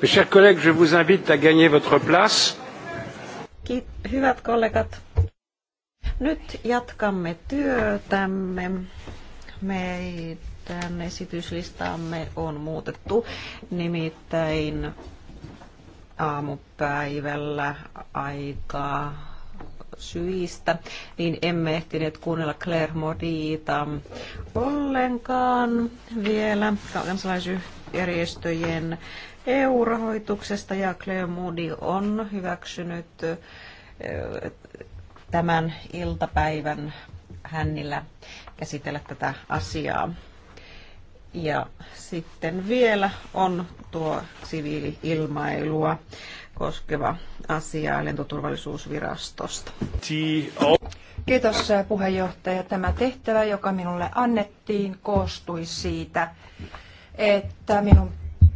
Mes chers collègues, je vous invite à gagner votre place. Hyvät kollegat, nyt jatkamme työtämme. Meidän esityslistaamme on muutettu, nimittäin aamupäivällä aikaa syistä, niin emme ehtineet kuunnella Claire Modita ollenkaan vielä kansalaisyhtiöstä järjestöjen EU-rahoituksesta ja Claire Moody on hyväksynyt tämän iltapäivän hännillä käsitellä tätä asiaa. Ja sitten vielä on tuo siviili-ilmailua koskeva asia lentoturvallisuusvirastosta. Kiitos äh, puheenjohtaja. Tämä tehtävä, joka minulle annettiin, koostui siitä, että minun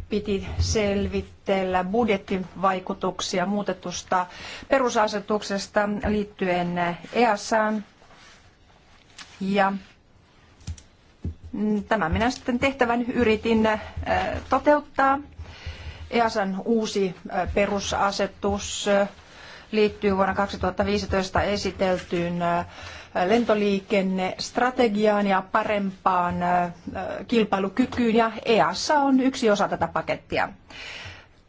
piti selvitellä budjettivaikutuksia muutetusta perusasetuksesta liittyen EASAan. Ja mm, tämä minä sitten tehtävän yritin äh, toteuttaa. EASAn uusi äh, perusasetus äh, liittyy vuonna 2015 esiteltyyn lentoliikennestrategiaan ja parempaan kilpailukykyyn ja EASA on yksi osa tätä pakettia.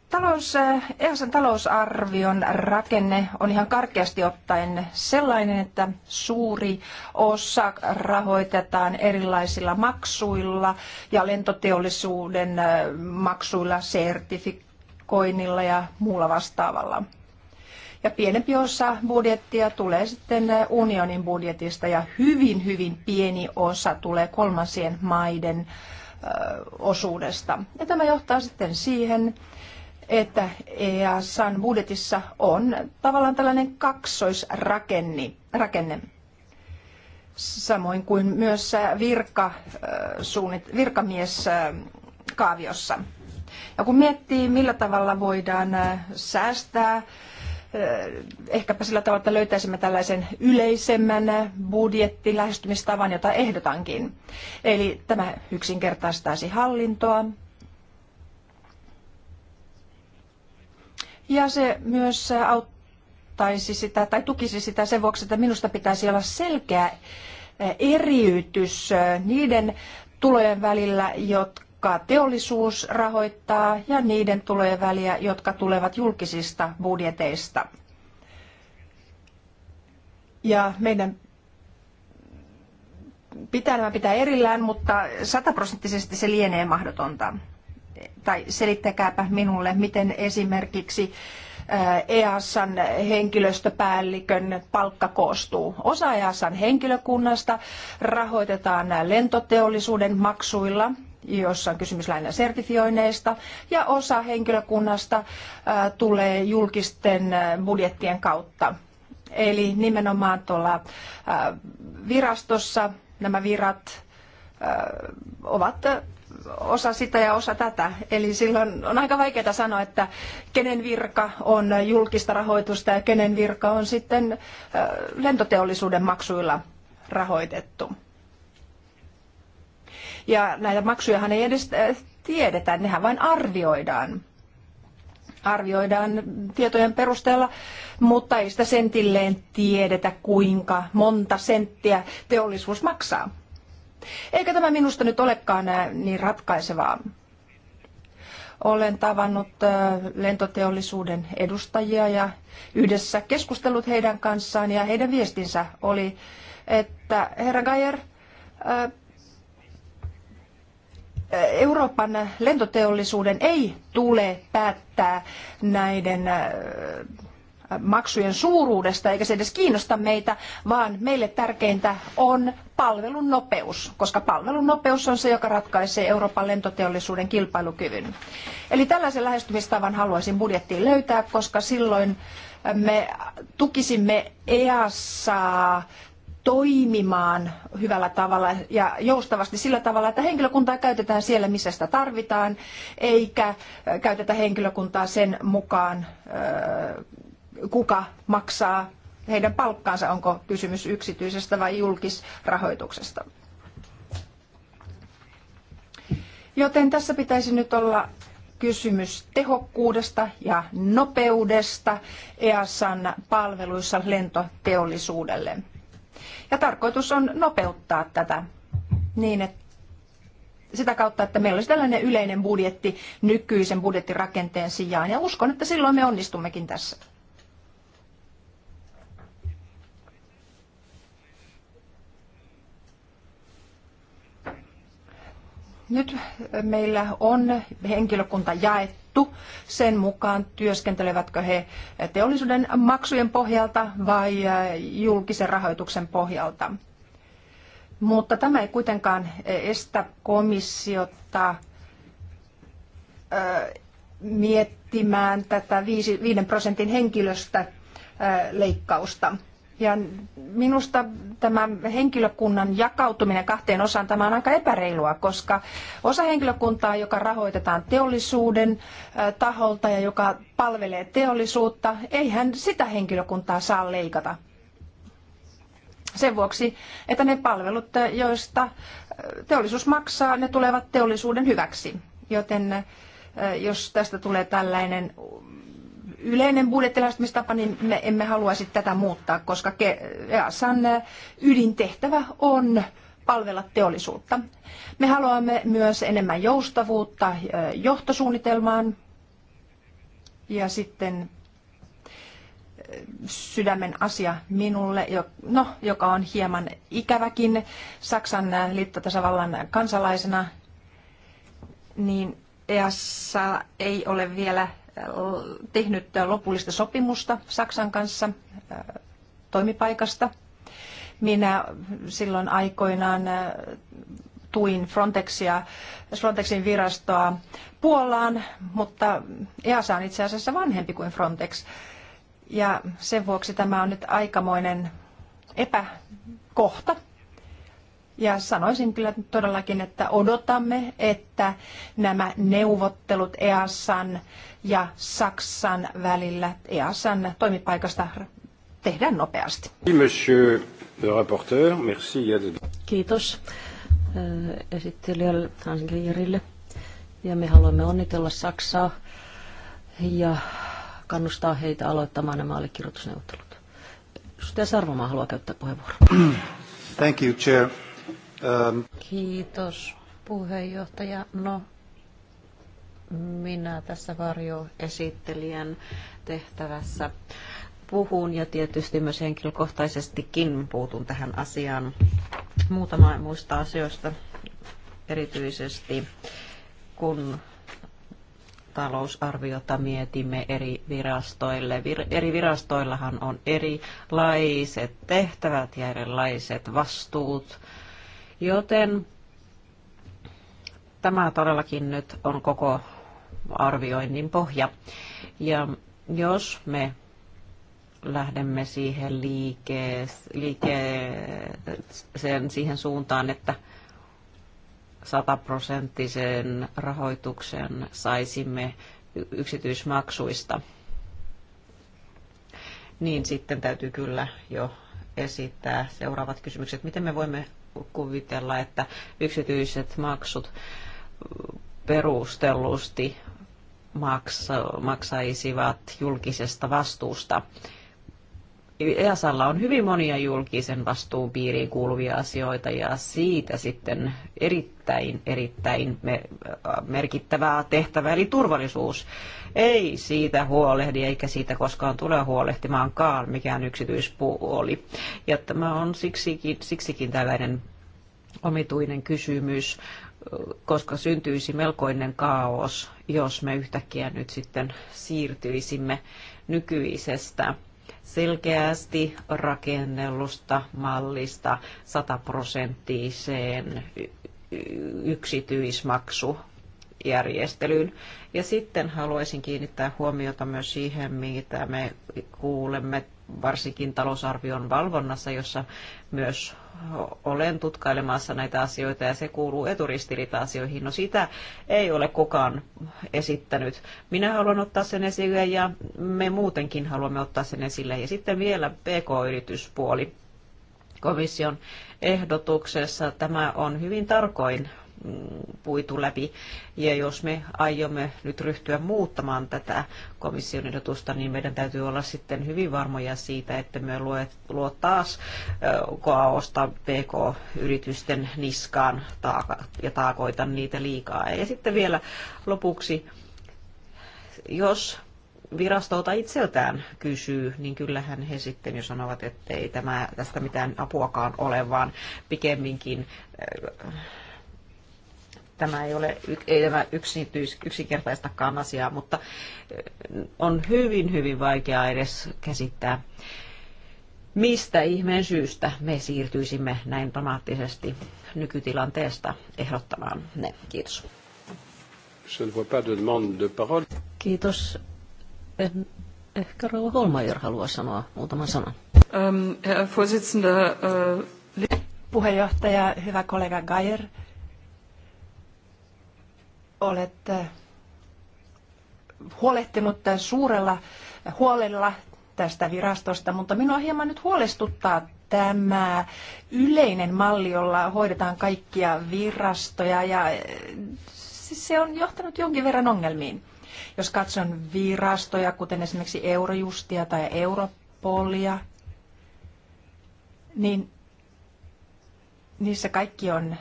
Talous, EASan talousarvion rakenne on ihan karkeasti ottaen sellainen, että suuri osa rahoitetaan erilaisilla maksuilla ja lentoteollisuuden maksuilla, sertifikoinnilla ja muulla vastaavalla. Ja pienempi osa budjettia tulee sitten eh, unionin budjetista ja hyvin, hyvin pieni osa tulee kolmansien maiden eh, osuudesta. Ja tämä johtaa sitten siihen, että EASan budjetissa on tavallaan tällainen kaksoisrakenne, samoin kuin myös eh, virka, virkamieskaaviossa. Ja kun miettii, millä tavalla voidaan säästää Eh, ehkäpä sillä tavalla, että löytäisimme tällaisen yleisemmän budjettilähestymistavan, jota ehdotankin. Eli tämä yksinkertaistaisi hallintoa. Ja se myös auttaisi sitä tai tukisi sitä sen vuoksi, että minusta pitäisi olla selkeä eh, eriytys eh, niiden tulojen välillä, jotka jotka teollisuus rahoittaa ja niiden tulee väliä, jotka tulevat julkisista budjeteista. Ja meidän pitää nämä pitää erillään, mutta sataprosenttisesti se lienee mahdotonta. Tai selittäkääpä minulle, miten esimerkiksi EASan henkilöstöpäällikön palkka koostuu. Osa EASan henkilökunnasta rahoitetaan lentoteollisuuden maksuilla, jossa on kysymys lähinnä sertifioinneista, ja osa henkilökunnasta tulee julkisten budjettien kautta. Eli nimenomaan tuolla virastossa nämä virat ovat osa sitä ja osa tätä. Eli silloin on aika vaikeaa sanoa, että kenen virka on julkista rahoitusta ja kenen virka on sitten lentoteollisuuden maksuilla rahoitettu. Ja näitä maksujahan ei edes tiedetä, nehän vain arvioidaan. Arvioidaan tietojen perusteella, mutta ei sitä sentilleen tiedetä, kuinka monta senttiä teollisuus maksaa. Eikä tämä minusta nyt olekaan niin ratkaisevaa. Olen tavannut lentoteollisuuden edustajia ja yhdessä keskustellut heidän kanssaan ja heidän viestinsä oli, että herra Gajer, Euroopan lentoteollisuuden ei tule päättää näiden äh, maksujen suuruudesta, eikä se edes kiinnosta meitä, vaan meille tärkeintä on palvelun nopeus, koska palvelun nopeus on se, joka ratkaisee Euroopan lentoteollisuuden kilpailukyvyn. Eli tällaisen lähestymistavan haluaisin budjettiin löytää, koska silloin me tukisimme EASA toimimaan hyvällä tavalla ja joustavasti sillä tavalla, että henkilökuntaa käytetään siellä, missä sitä tarvitaan, eikä äh, käytetä henkilökuntaa sen mukaan, äh, kuka maksaa heidän palkkaansa, onko kysymys yksityisestä vai julkisrahoituksesta. Joten tässä pitäisi nyt olla kysymys tehokkuudesta ja nopeudesta EASan palveluissa lentoteollisuudelle. Ja tarkoitus on nopeuttaa tätä niin, että sitä kautta, että meillä olisi tällainen yleinen budjetti nykyisen budjettirakenteen sijaan. Ja uskon, että silloin me onnistummekin tässä. Nyt meillä on henkilökunta jaettu jaettu sen mukaan, työskentelevätkö he teollisuuden maksujen pohjalta vai äh, julkisen rahoituksen pohjalta. Mutta tämä ei kuitenkaan äh, estä komissiota äh, miettimään tätä 5 prosentin henkilöstä leikkausta. Ja minusta tämä henkilökunnan jakautuminen kahteen osaan, tämä on aika epäreilua, koska osa henkilökuntaa, joka rahoitetaan teollisuuden taholta ja joka palvelee teollisuutta, eihän sitä henkilökuntaa saa leikata. Sen vuoksi, että ne palvelut, joista teollisuus maksaa, ne tulevat teollisuuden hyväksi. Joten jos tästä tulee tällainen yleinen budjettilähestymistapa, niin me emme haluaisi tätä muuttaa, koska EASan ydintehtävä on palvella teollisuutta. Me haluamme myös enemmän joustavuutta johtosuunnitelmaan ja sitten sydämen asia minulle, no, joka on hieman ikäväkin Saksan liittotasavallan kansalaisena, niin EASA ei ole vielä tehnyt lopullista sopimusta Saksan kanssa äh, toimipaikasta. Minä silloin aikoinaan äh, tuin Frontexia, Frontexin virastoa Puolaan, mutta EASA on itse asiassa vanhempi kuin Frontex. Ja sen vuoksi tämä on nyt aikamoinen epäkohta ja sanoisin kyllä todellakin, että odotamme, että nämä neuvottelut EASan ja Saksan välillä EASan toimipaikasta tehdään nopeasti. Monsieur le rapporteur, merci. Kiitos äh, esittelijälle Hanslierille. Ja me haluamme onnitella Saksaa ja kannustaa heitä aloittamaan nämä allekirjoitusneuvottelut. Edustaja Sarvomaa haluaa käyttää puheenvuoron. Thank you, Chair. Ähm, Kiitos puheenjohtaja. No, minä tässä varjoesittelijän tehtävässä puhun ja tietysti myös henkilökohtaisestikin puutun tähän asiaan muutama muista asioista erityisesti, kun talousarviota mietimme eri virastoille. Vir- eri virastoillahan on erilaiset tehtävät ja erilaiset vastuut Joten tämä todellakin nyt on koko arvioinnin pohja. Ja jos me lähdemme siihen liikeeseen siihen suuntaan, että sataprosenttisen rahoituksen saisimme yksityismaksuista, niin sitten täytyy kyllä jo esittää seuraavat kysymykset. Miten me voimme kuvitella, että yksityiset maksut perustellusti maksaisivat julkisesta vastuusta. EASalla on hyvin monia julkisen vastuun piiriin kuuluvia asioita ja siitä sitten erittäin, erittäin äh, merkittävää tehtävää, eli turvallisuus ei siitä huolehdi eikä siitä koskaan tule huolehtimaankaan mikään yksityispuoli. Ja tämä on siksikin, siksikin tällainen omituinen kysymys, koska syntyisi melkoinen kaos, jos me yhtäkkiä nyt sitten siirtyisimme nykyisestä selkeästi rakennellusta mallista sataprosenttiseen yksityismaksu järjestelyyn. Ja sitten haluaisin kiinnittää huomiota myös siihen, mitä me kuulemme varsinkin talousarvion valvonnassa, jossa myös olen tutkailemassa näitä asioita ja se kuuluu eturistiriita-asioihin. No sitä ei ole kukaan esittänyt. Minä haluan ottaa sen esille ja me muutenkin haluamme ottaa sen esille. Ja sitten vielä PK-yrityspuoli komission ehdotuksessa. Tämä on hyvin tarkoin puitu läpi. Ja jos me aiomme nyt ryhtyä muuttamaan tätä komission ehdotusta, niin meidän täytyy olla sitten hyvin varmoja siitä, että me luo taas koaosta PK-yritysten niskaan ja taakoita niitä liikaa. Ja sitten vielä lopuksi, jos virastolta itseltään kysyy, niin kyllähän he sitten jo sanovat, että ei tämä, tästä mitään apuakaan ole, vaan pikemminkin tämä ei ole ei tämä yksityis, yksinkertaistakaan asiaa, mutta eh, on hyvin, hyvin vaikea edes käsittää, mistä ihmeen syystä me siirtyisimme näin dramaattisesti nykytilanteesta ehdottamaan ne. Kiitos. Kiitos. En, eh, ehkä Rauha Holmajor haluaa sanoa muutaman sanan. Ähm, Herr Vorsitzender, äh, Puheenjohtaja, hyvä kollega Geier olet äh, huolehtinut suurella huolella tästä virastosta, mutta minua hieman nyt huolestuttaa tämä yleinen malli, jolla hoidetaan kaikkia virastoja ja äh, siis se on johtanut jonkin verran ongelmiin. Jos katson virastoja, kuten esimerkiksi Eurojustia tai Europolia, niin niissä kaikki on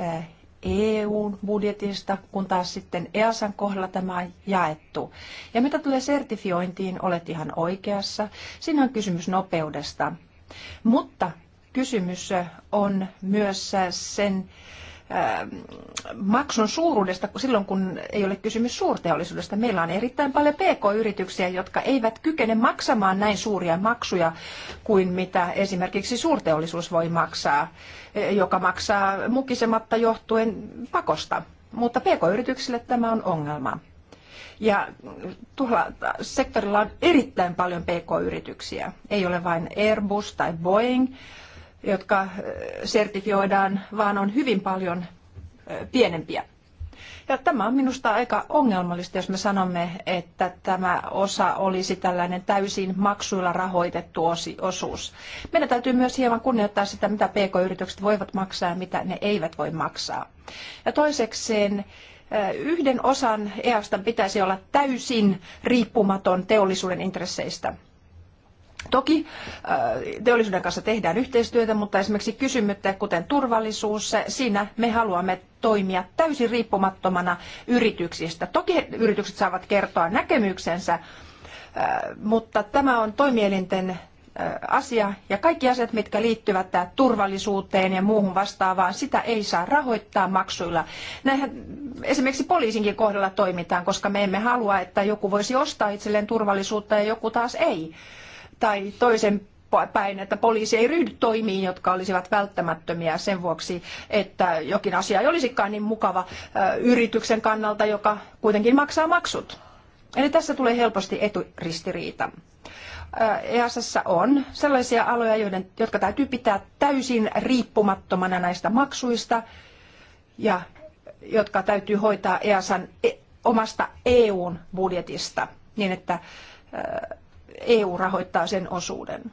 äh, EUn budjetista, kun taas sitten EASan kohdalla tämä on jaettu. Ja mitä tulee sertifiointiin, olet ihan oikeassa. Siinä on kysymys nopeudesta. Mutta kysymys on myös sen äh, maksun suuruudesta silloin, kun ei ole kysymys suurteollisuudesta. Meillä on erittäin paljon pk-yrityksiä, jotka eivät kykene maksamaan näin suuria maksuja kuin mitä esimerkiksi suurteollisuus voi maksaa joka maksaa mukisematta johtuen pakosta. Mutta pk-yrityksille tämä on ongelma. Ja tuolla sektorilla on erittäin paljon pk-yrityksiä. Ei ole vain Airbus tai Boeing, jotka eh, sertifioidaan, vaan on hyvin paljon eh, pienempiä. Ja tämä on minusta aika ongelmallista, jos me sanomme, että tämä osa olisi tällainen täysin maksuilla rahoitettu osuus. Meidän täytyy myös hieman kunnioittaa sitä, mitä pk-yritykset voivat maksaa ja mitä ne eivät voi maksaa. Ja toisekseen eh, yhden osan EASTA pitäisi olla täysin riippumaton teollisuuden intresseistä. Toki äh, teollisuuden kanssa tehdään yhteistyötä, mutta esimerkiksi kysymyttä, kuten turvallisuus, siinä me haluamme toimia täysin riippumattomana yrityksistä. Toki yritykset saavat kertoa näkemyksensä, äh, mutta tämä on toimielinten äh, asia ja kaikki asiat, mitkä liittyvät turvallisuuteen ja muuhun vastaavaan, sitä ei saa rahoittaa maksuilla. Näinhän esimerkiksi poliisinkin kohdalla toimitaan, koska me emme halua, että joku voisi ostaa itselleen turvallisuutta ja joku taas ei tai toisen päin, että poliisi ei ryhdy toimiin, jotka olisivat välttämättömiä sen vuoksi, että jokin asia ei olisikaan niin mukava yrityksen kannalta, joka kuitenkin maksaa maksut. Eli tässä tulee helposti eturistiriita. EASassa on sellaisia aloja, joiden, jotka täytyy pitää täysin riippumattomana näistä maksuista ja jotka täytyy hoitaa EASan e-, omasta EUn budjetista niin, että EU rahoittaa sen osuuden.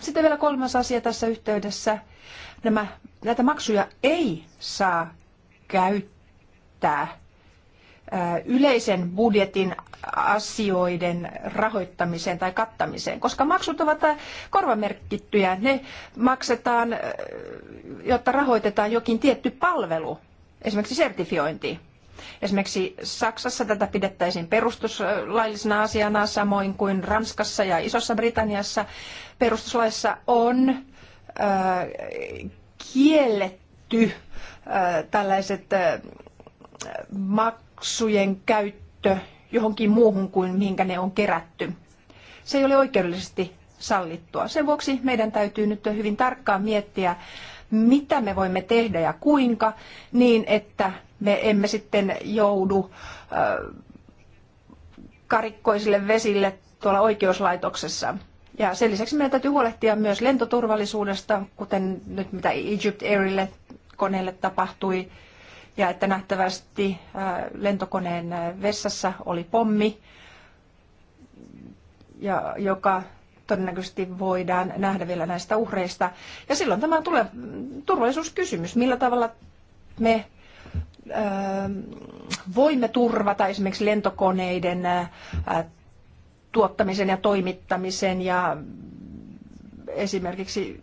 Sitten vielä kolmas asia tässä yhteydessä. Nämä, näitä maksuja ei saa käyttää yleisen budjetin asioiden rahoittamiseen tai kattamiseen, koska maksut ovat korvamerkittyjä. Ne maksetaan, jotta rahoitetaan jokin tietty palvelu, esimerkiksi sertifiointi. Esimerkiksi Saksassa tätä pidettäisiin perustuslaillisena asiana, samoin kuin Ranskassa ja Isossa Britanniassa. Perustuslaissa on äh, kielletty äh, tällaiset äh, maksujen käyttö johonkin muuhun kuin mihinkä ne on kerätty. Se ei ole oikeudellisesti sallittua. Sen vuoksi meidän täytyy nyt hyvin tarkkaan miettiä, mitä me voimme tehdä ja kuinka, niin että me emme sitten joudu karikkoisille vesille tuolla oikeuslaitoksessa. Ja sen lisäksi meidän täytyy huolehtia myös lentoturvallisuudesta, kuten nyt mitä Egypt Airille koneelle tapahtui, ja että nähtävästi lentokoneen vessassa oli pommi, ja, joka todennäköisesti voidaan nähdä vielä näistä uhreista. Ja silloin tämä tulee mm, turvallisuuskysymys, millä tavalla me Ähm, voimme turvata esimerkiksi lentokoneiden äh, tuottamisen ja toimittamisen ja esimerkiksi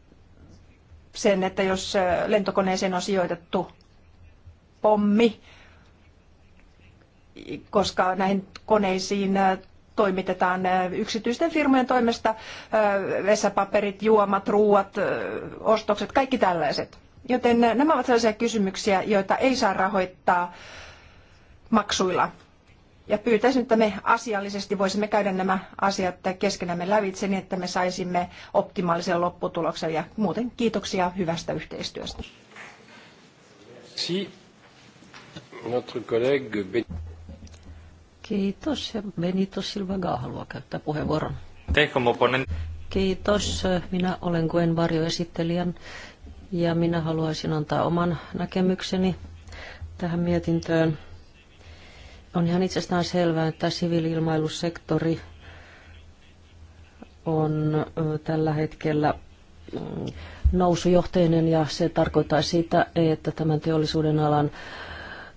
sen, että jos äh, lentokoneeseen on sijoitettu pommi, koska näihin koneisiin äh, toimitetaan yksityisten firmojen toimesta vessapaperit, juomat, ruuat, ostokset, kaikki tällaiset. Joten äh, nämä ovat sellaisia kysymyksiä, joita ei saa rahoittaa maksuilla. Ja pyytäisin, että me asiallisesti voisimme käydä nämä asiat keskenämme lävitse niin, että me saisimme optimaalisen lopputuloksen. Ja muuten kiitoksia hyvästä yhteistyöstä. Si. Notre collègue ben... Kiitos. Ja Benito Silvaga haluaa käyttää puheenvuoron. Kiitos. Minä olen Gwen varjo esittelijän ja minä haluaisin antaa oman näkemykseni tähän mietintöön. On ihan itsestään selvää, että siviiliilmailusektori on tällä hetkellä mm, nousujohteinen ja se tarkoittaa sitä, että tämän teollisuuden alan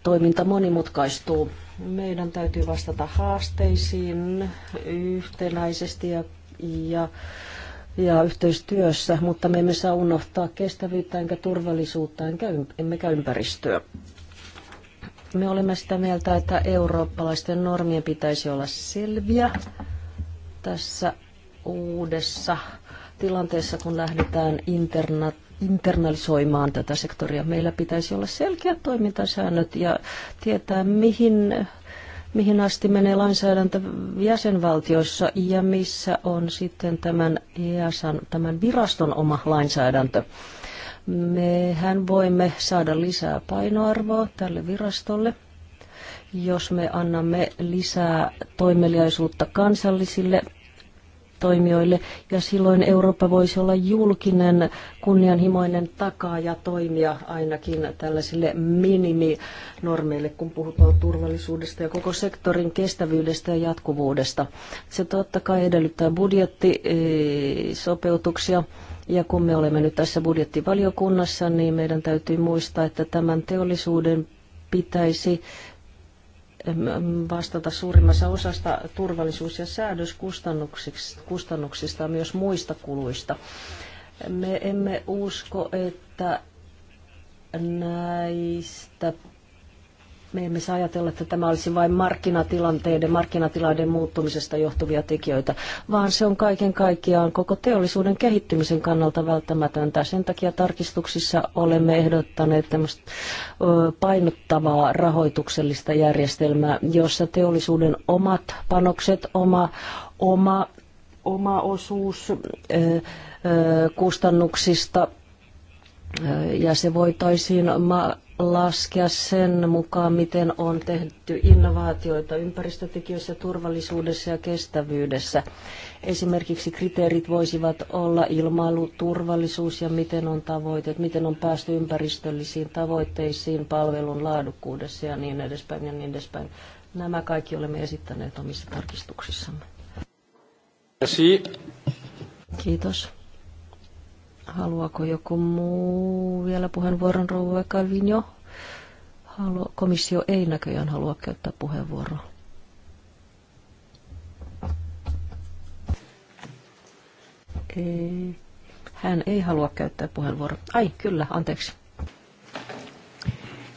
toiminta monimutkaistuu. Meidän täytyy vastata haasteisiin yhtenäisesti ja, ja ja yhteistyössä, mutta me emme saa unohtaa kestävyyttä enkä turvallisuutta enkä, emmekä ympäristöä. Me olemme sitä mieltä, että eurooppalaisten normien pitäisi olla selviä tässä uudessa tilanteessa, kun lähdetään interna internalisoimaan tätä sektoria. Meillä pitäisi olla selkeät toimintasäännöt ja tietää, mihin mihin asti menee lainsäädäntö jäsenvaltioissa ja missä on sitten tämän EASan, tämän viraston oma lainsäädäntö. Mehän voimme saada lisää painoarvoa tälle virastolle, jos me annamme lisää toimeliaisuutta kansallisille toimijoille, ja silloin Eurooppa voisi olla julkinen, kunnianhimoinen ja toimia ainakin tällaisille miniminormeille, kun puhutaan turvallisuudesta ja koko sektorin kestävyydestä ja jatkuvuudesta. Se totta kai edellyttää budjettisopeutuksia, eh, ja kun me olemme nyt tässä budjettivaliokunnassa, niin meidän täytyy muistaa, että tämän teollisuuden pitäisi vastata suurimmassa osasta turvallisuus- ja säädöskustannuksista ja myös muista kuluista. Me emme usko, että näistä me emme saa ajatella, että tämä olisi vain markkinatilanteiden, markkinatilanteen muuttumisesta johtuvia tekijöitä, vaan se on kaiken kaikkiaan koko teollisuuden kehittymisen kannalta välttämätöntä. Sen takia tarkistuksissa olemme ehdottaneet tämmöistä painottavaa rahoituksellista järjestelmää, jossa teollisuuden omat panokset, oma, oma, oma osuus kustannuksista – ja se voitaisiin laskea sen mukaan, miten on tehty innovaatioita ympäristötekijöissä, turvallisuudessa ja kestävyydessä. Esimerkiksi kriteerit voisivat olla ilmailu, turvallisuus ja miten on tavoitteet, miten on päästy ympäristöllisiin tavoitteisiin, palvelun laadukkuudessa ja niin edespäin ja niin edespäin. Nämä kaikki olemme esittäneet omissa tarkistuksissamme. Kiitos. Haluaako joku muu vielä puheenvuoron, rouva Calvino? Halu- komissio ei näköjään halua käyttää puheenvuoroa. Ei. Hän ei halua käyttää puheenvuoroa. Ai, kyllä, anteeksi.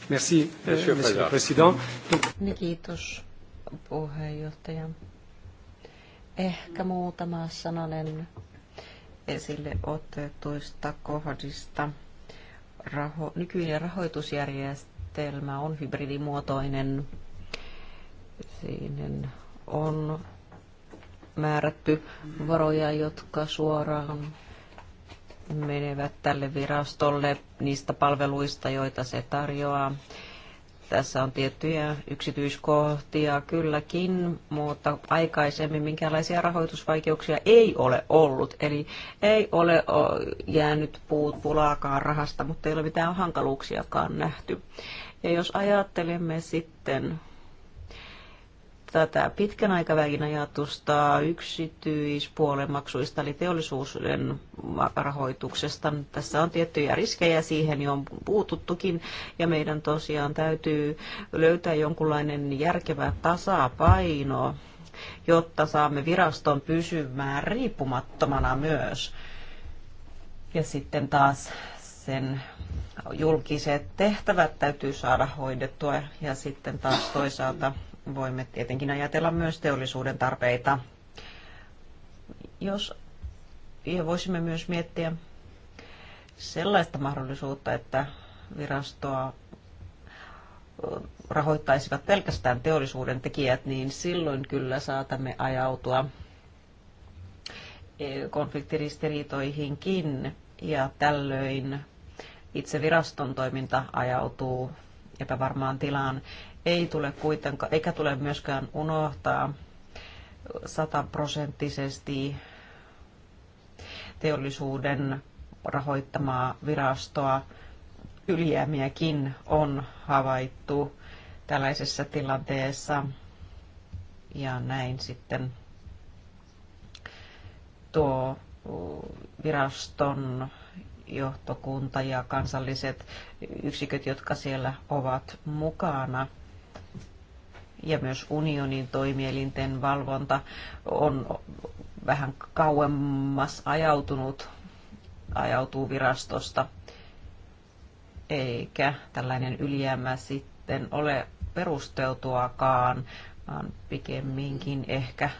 Merci, euh, monsieur, monsieur le président. Niin, kiitos, puheenjohtaja. Ehkä muutama sananen esille otetuista kohdista. Raho, nykyinen rahoitusjärjestelmä on hybridimuotoinen. Siinä on määrätty varoja, jotka suoraan menevät tälle virastolle niistä palveluista, joita se tarjoaa. Tässä on tiettyjä yksityiskohtia kylläkin, mutta aikaisemmin minkälaisia rahoitusvaikeuksia ei ole ollut. Eli ei ole jäänyt puut pulaakaan rahasta, mutta ei ole mitään hankaluuksiakaan nähty. Ja jos ajattelemme sitten tätä pitkän aikavälin ajatusta yksityispuolen maksuista, eli teollisuuden rahoituksesta. Tässä on tiettyjä riskejä, siihen jo on puututtukin, ja meidän tosiaan täytyy löytää jonkunlainen järkevä tasapaino, jotta saamme viraston pysymään riippumattomana myös. Ja sitten taas sen julkiset tehtävät täytyy saada hoidettua ja sitten taas toisaalta voimme tietenkin ajatella myös teollisuuden tarpeita. Jos ja voisimme myös miettiä sellaista mahdollisuutta, että virastoa rahoittaisivat pelkästään teollisuuden tekijät, niin silloin kyllä saatamme ajautua e, konfliktiristiriitoihinkin ja tällöin itse viraston toiminta ajautuu epävarmaan tilaan ei tule kuitenkaan, eikä tule myöskään unohtaa sataprosenttisesti teollisuuden rahoittamaa virastoa. Ylijäämiäkin on havaittu tällaisessa tilanteessa. Ja näin sitten tuo viraston johtokunta ja kansalliset yksiköt, jotka siellä ovat mukana, ja myös unionin toimielinten valvonta on vähän kauemmas ajautunut, ajautuu virastosta, eikä tällainen ylijäämä sitten ole perusteltuakaan, vaan pikemminkin ehkä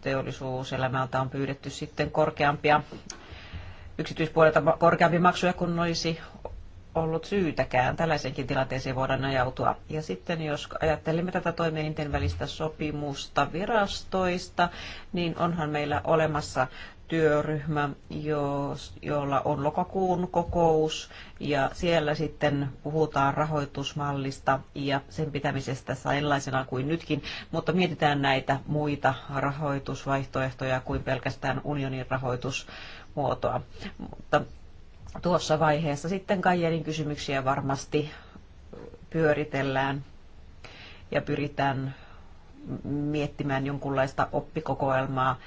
teollisuuselämältä on pyydetty sitten korkeampia yksityispuolelta korkeampia maksuja kuin olisi ollut syytäkään. Tällaisenkin tilanteeseen voidaan ajautua. Ja sitten jos ajattelemme tätä toimielinten välistä sopimusta virastoista, niin onhan meillä olemassa työryhmä, jolla on lokakuun kokous ja siellä sitten puhutaan rahoitusmallista ja sen pitämisestä sellaisena kuin nytkin, mutta mietitään näitä muita rahoitusvaihtoehtoja kuin pelkästään unionin rahoitusmuotoa. Mutta tuossa vaiheessa. Sitten Kajelin kysymyksiä varmasti pyöritellään ja pyritään miettimään jonkunlaista oppikokoelmaa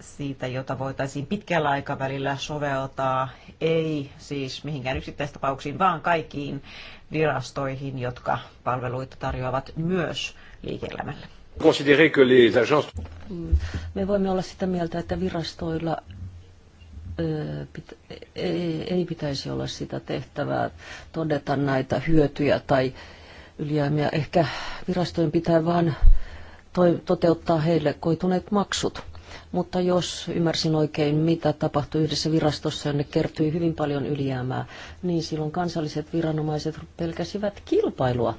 siitä, jota voitaisiin pitkällä aikavälillä soveltaa, ei siis mihinkään yksittäistapauksiin, vaan kaikkiin virastoihin, jotka palveluita tarjoavat myös liike-elämälle. Mm. Me voimme olla sitä mieltä, että virastoilla E, e, ei pitäisi olla sitä tehtävää todeta näitä hyötyjä tai ylijäämiä. Ehkä virastojen pitää vain toteuttaa heille koituneet maksut. Mutta jos ymmärsin oikein, mitä tapahtui yhdessä virastossa, jonne kertyi hyvin paljon ylijäämää, niin silloin kansalliset viranomaiset pelkäsivät kilpailua,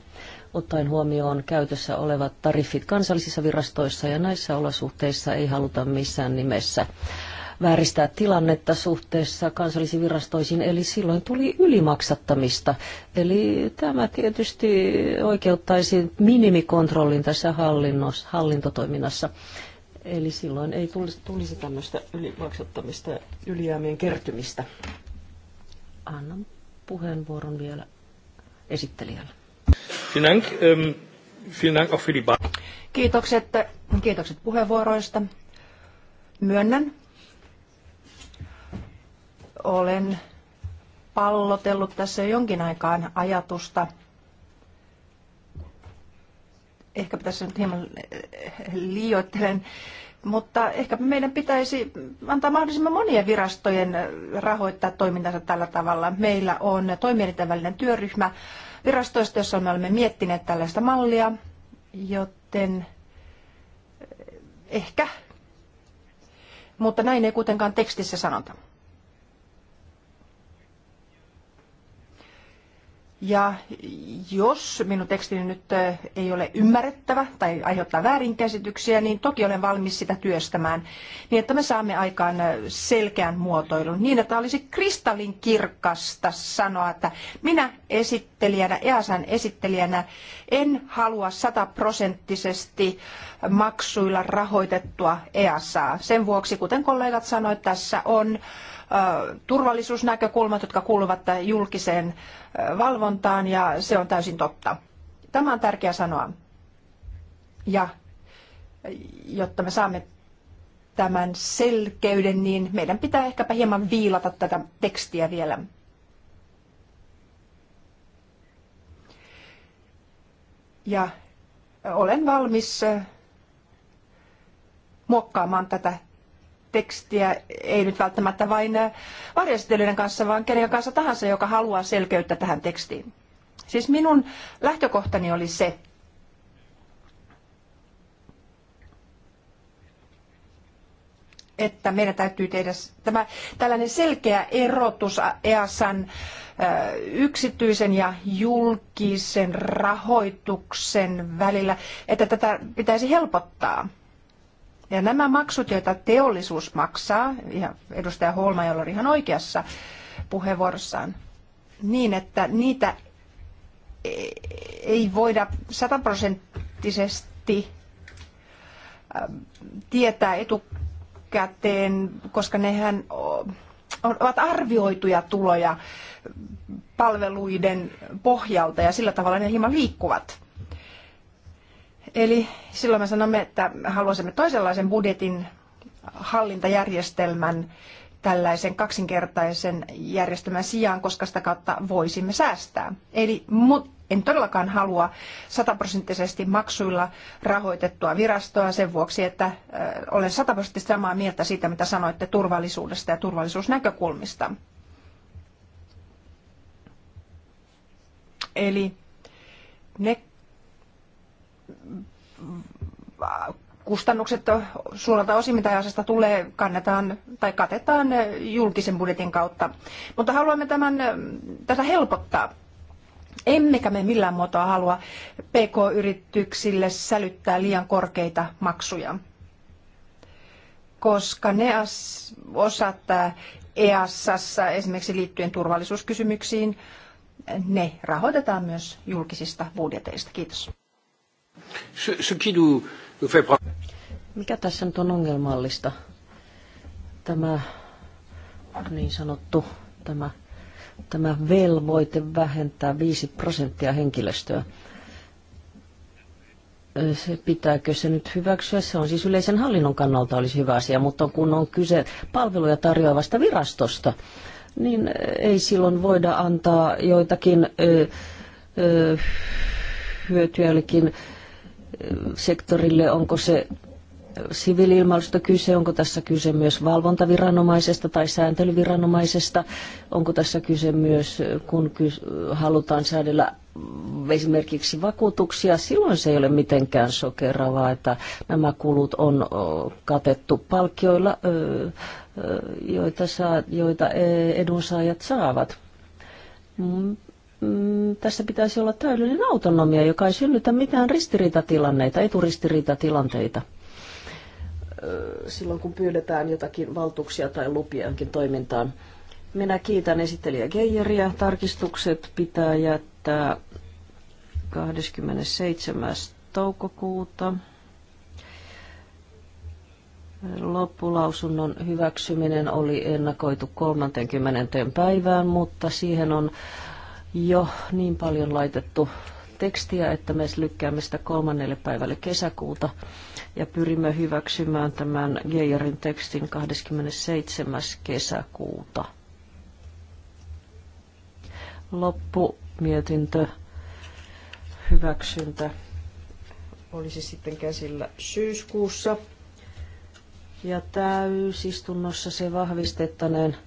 ottaen huomioon käytössä olevat tariffit kansallisissa virastoissa, ja näissä olosuhteissa ei haluta missään nimessä äh, vääristää tilannetta suhteessa kansallisiin virastoisiin, eli silloin tuli ylimaksattamista. Eli tämä tietysti oikeuttaisi minimikontrollin tässä hallinnos, hallintotoiminnassa. Eli silloin ei tulisi, tulisi tämmöistä ylimaksattamista ja ylijäämien kertymistä. Annan puheenvuoron vielä esittelijälle. Vielen Dank. Ähm, vielen Dank auch für die Kiitokset, kiitokset puheenvuoroista. Myönnän, olen pallotellut tässä jo jonkin aikaan ajatusta. Ehkä tässä nyt hieman liioittelen, mutta ehkä meidän pitäisi antaa mahdollisimman monien virastojen rahoittaa toimintansa tällä tavalla. Meillä on toimielinten työryhmä virastoista, jossa me olemme miettineet tällaista mallia, joten ehkä. Mutta näin ei kuitenkaan tekstissä sanota. Ja jos minun tekstini nyt ei ole ymmärrettävä tai aiheuttaa väärinkäsityksiä, niin toki olen valmis sitä työstämään niin, että me saamme aikaan selkeän muotoilun niin, että olisi kristallin kirkasta sanoa, että minä esittelijänä, EASan esittelijänä, en halua sataprosenttisesti maksuilla rahoitettua EASaa. Sen vuoksi, kuten kollegat sanoivat, tässä on Äh, turvallisuusnäkökulmat, jotka kuuluvat julkiseen äh, valvontaan ja se on täysin totta. Tämä on tärkeää sanoa. Ja äh, jotta me saamme tämän selkeyden, niin meidän pitää ehkäpä hieman viilata tätä tekstiä vielä. Ja olen valmis muokkaamaan tätä tekstiä, ei nyt välttämättä vain äh, varjostelijoiden kanssa, vaan kenen kanssa tahansa, joka haluaa selkeyttä tähän tekstiin. Siis minun lähtökohtani oli se, että meidän täytyy tehdä tämä, tällainen selkeä erotus EASan äh, yksityisen ja julkisen rahoituksen välillä, että tätä pitäisi helpottaa. Ja nämä maksut, joita teollisuus maksaa, ja edustaja Holma, oli ihan oikeassa puheenvuorossaan, niin että niitä ei voida sataprosenttisesti ähm, tietää etukäteen, koska nehän ovat arvioituja tuloja palveluiden pohjalta ja sillä tavalla ne hieman liikkuvat. Eli silloin me sanomme, että haluaisimme toisenlaisen budjetin hallintajärjestelmän tällaisen kaksinkertaisen järjestelmän sijaan, koska sitä kautta voisimme säästää. Eli en todellakaan halua sataprosenttisesti maksuilla rahoitettua virastoa sen vuoksi, että olen sataprosenttisesti samaa mieltä siitä, mitä sanoitte turvallisuudesta ja turvallisuusnäkökulmista. Eli ne kustannukset suurelta osin, mitä asiasta tulee, kannetaan tai katetaan julkisen budjetin kautta. Mutta haluamme tämän, tätä helpottaa. Emmekä me millään muotoa halua PK-yrityksille sälyttää liian korkeita maksuja, koska ne osat EASassa esimerkiksi liittyen turvallisuuskysymyksiin, ne rahoitetaan myös julkisista budjeteista. Kiitos. Mikä tässä nyt on ongelmallista? Tämä niin sanottu, tämä, tämä velvoite vähentää 5 prosenttia henkilöstöä. Se pitääkö se nyt hyväksyä? Se on siis yleisen hallinnon kannalta olisi hyvä asia, mutta kun on kyse palveluja tarjoavasta virastosta, niin ei silloin voida antaa joitakin ö, ö, hyötyjällekin sektorille, onko se siviiliilmailusta kyse, onko tässä kyse myös valvontaviranomaisesta tai sääntelyviranomaisesta, onko tässä kyse myös, kun halutaan säädellä esimerkiksi vakuutuksia, silloin se ei ole mitenkään sokeravaa, että nämä kulut on katettu palkkioilla, joita, saa, joita e, edunsaajat saavat. Mm, mm, tässä pitäisi olla täydellinen autonomia, joka ei synnytä mitään ristiriitatilanneita, eturistiriitatilanteita silloin, kun pyydetään jotakin valtuuksia tai lupiankin toimintaan. Minä kiitän esittelijä Geijeriä. Tarkistukset pitää jättää 27. toukokuuta. Loppulausunnon hyväksyminen oli ennakoitu 30. päivään, mutta siihen on jo niin paljon laitettu tekstiä, että me lykkäämme sitä kolmannelle päivälle kesäkuuta ja pyrimme hyväksymään tämän Geijerin tekstin 27. kesäkuuta. Loppu mietintö, hyväksyntä olisi sitten käsillä syyskuussa. Ja täysistunnossa se vahvistettaneen,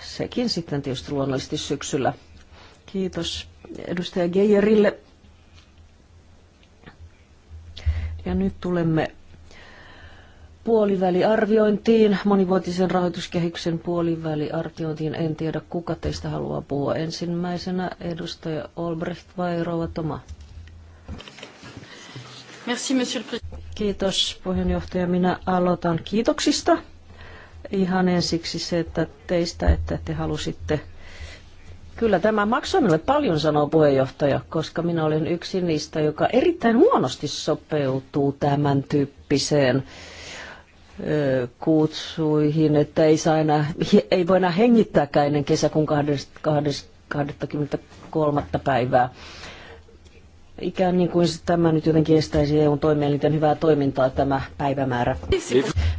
sekin sitten tietysti luonnollisesti syksyllä. Kiitos edustaja Geijerille. Ja nyt tulemme puoliväliarviointiin, monivuotisen rahoituskehyksen puoliväliarviointiin. En tiedä, kuka teistä haluaa puhua ensimmäisenä, edustaja Olbrecht vai Rova Toma? Merci, monsieur le Kiitos puheenjohtaja. Minä aloitan kiitoksista. Ihan ensiksi se, että teistä, että te halusitte Kyllä tämä maksoi minulle paljon, sanoo puheenjohtaja, koska minä olen yksi niistä, joka erittäin huonosti sopeutuu tämän tyyppiseen kutsuihin, että ei, saa enää, ei voi enää hengittääkään ennen kesäkuun 23. päivää. Ikään niin kuin tämä nyt jotenkin estäisi EUn toimielinten hyvää toimintaa tämä päivämäärä.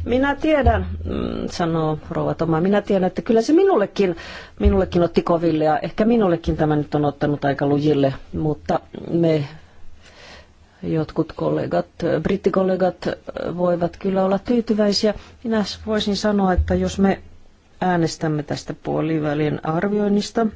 Minä tiedän, mm, sanoo rouva Toma, minä tiedän, että kyllä se minullekin, minullekin otti koville ja ehkä minullekin tämä nyt on ottanut aika lujille, mutta me jotkut kollegat, brittikollegat voivat kyllä olla tyytyväisiä. Minä voisin sanoa, että jos me äänestämme tästä puolivälin arvioinnista,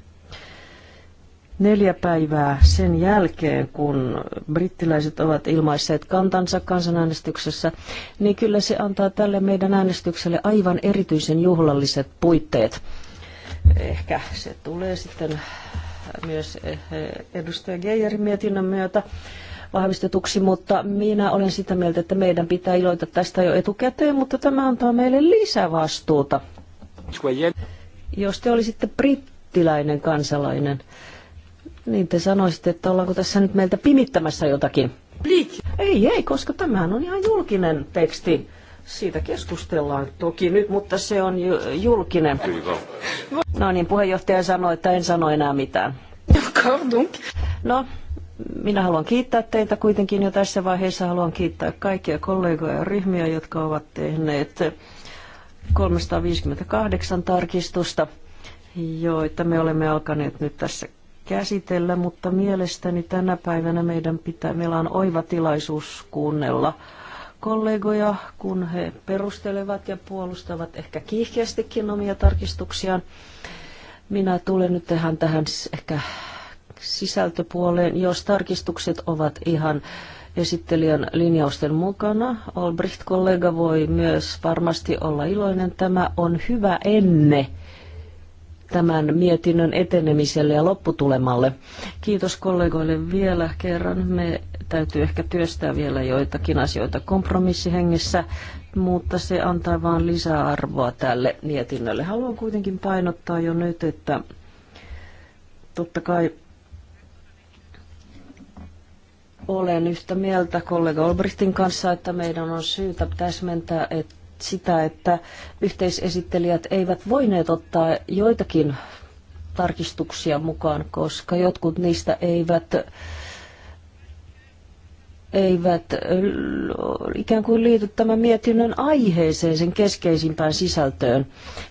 Neljä päivää sen jälkeen, kun brittiläiset ovat ilmaisseet kantansa kansanäänestyksessä, niin kyllä se antaa tälle meidän äänestykselle aivan erityisen juhlalliset puitteet. Ehkä se tulee sitten myös eh, edustaja Geijerin mietinnön myötä vahvistetuksi, mutta minä olen sitä mieltä, että meidän pitää iloita tästä jo etukäteen, mutta tämä antaa meille lisävastuuta. Jos te olisitte brittiläinen kansalainen, niin te sanoisitte, että ollaanko tässä nyt meiltä pimittämässä jotakin? Ei, ei, koska tämähän on ihan julkinen teksti. Siitä keskustellaan toki nyt, mutta se on julkinen. No niin, puheenjohtaja sanoi, että en sano enää mitään. No, minä haluan kiittää teitä kuitenkin jo tässä vaiheessa. Haluan kiittää kaikkia kollegoja ja ryhmiä, jotka ovat tehneet 358 tarkistusta, joita me olemme alkaneet nyt tässä käsitellä, mutta mielestäni tänä päivänä meidän pitää, meillä on oiva tilaisuus kuunnella kollegoja, kun he perustelevat ja puolustavat ehkä kiihkeästikin omia tarkistuksiaan. Minä tulen nyt tähän, tähän ehkä sisältöpuoleen, jos tarkistukset ovat ihan esittelijän linjausten mukana. Olbricht-kollega voi myös varmasti olla iloinen. Tämä on hyvä enne tämän mietinnön etenemiselle ja lopputulemalle. Kiitos kollegoille vielä kerran. Me täytyy ehkä työstää vielä joitakin asioita kompromissihengessä, mutta se antaa vain lisäarvoa tälle mietinnölle. Haluan kuitenkin painottaa jo nyt, että totta kai olen yhtä mieltä kollega Olbrichtin kanssa, että meidän on syytä täsmentää, että sitä, että yhteisesittelijät eivät voineet ottaa joitakin tarkistuksia mukaan, koska jotkut niistä eivät eivät ikään kuin liity tämän mietinnön aiheeseen, sen keskeisimpään sisältöön.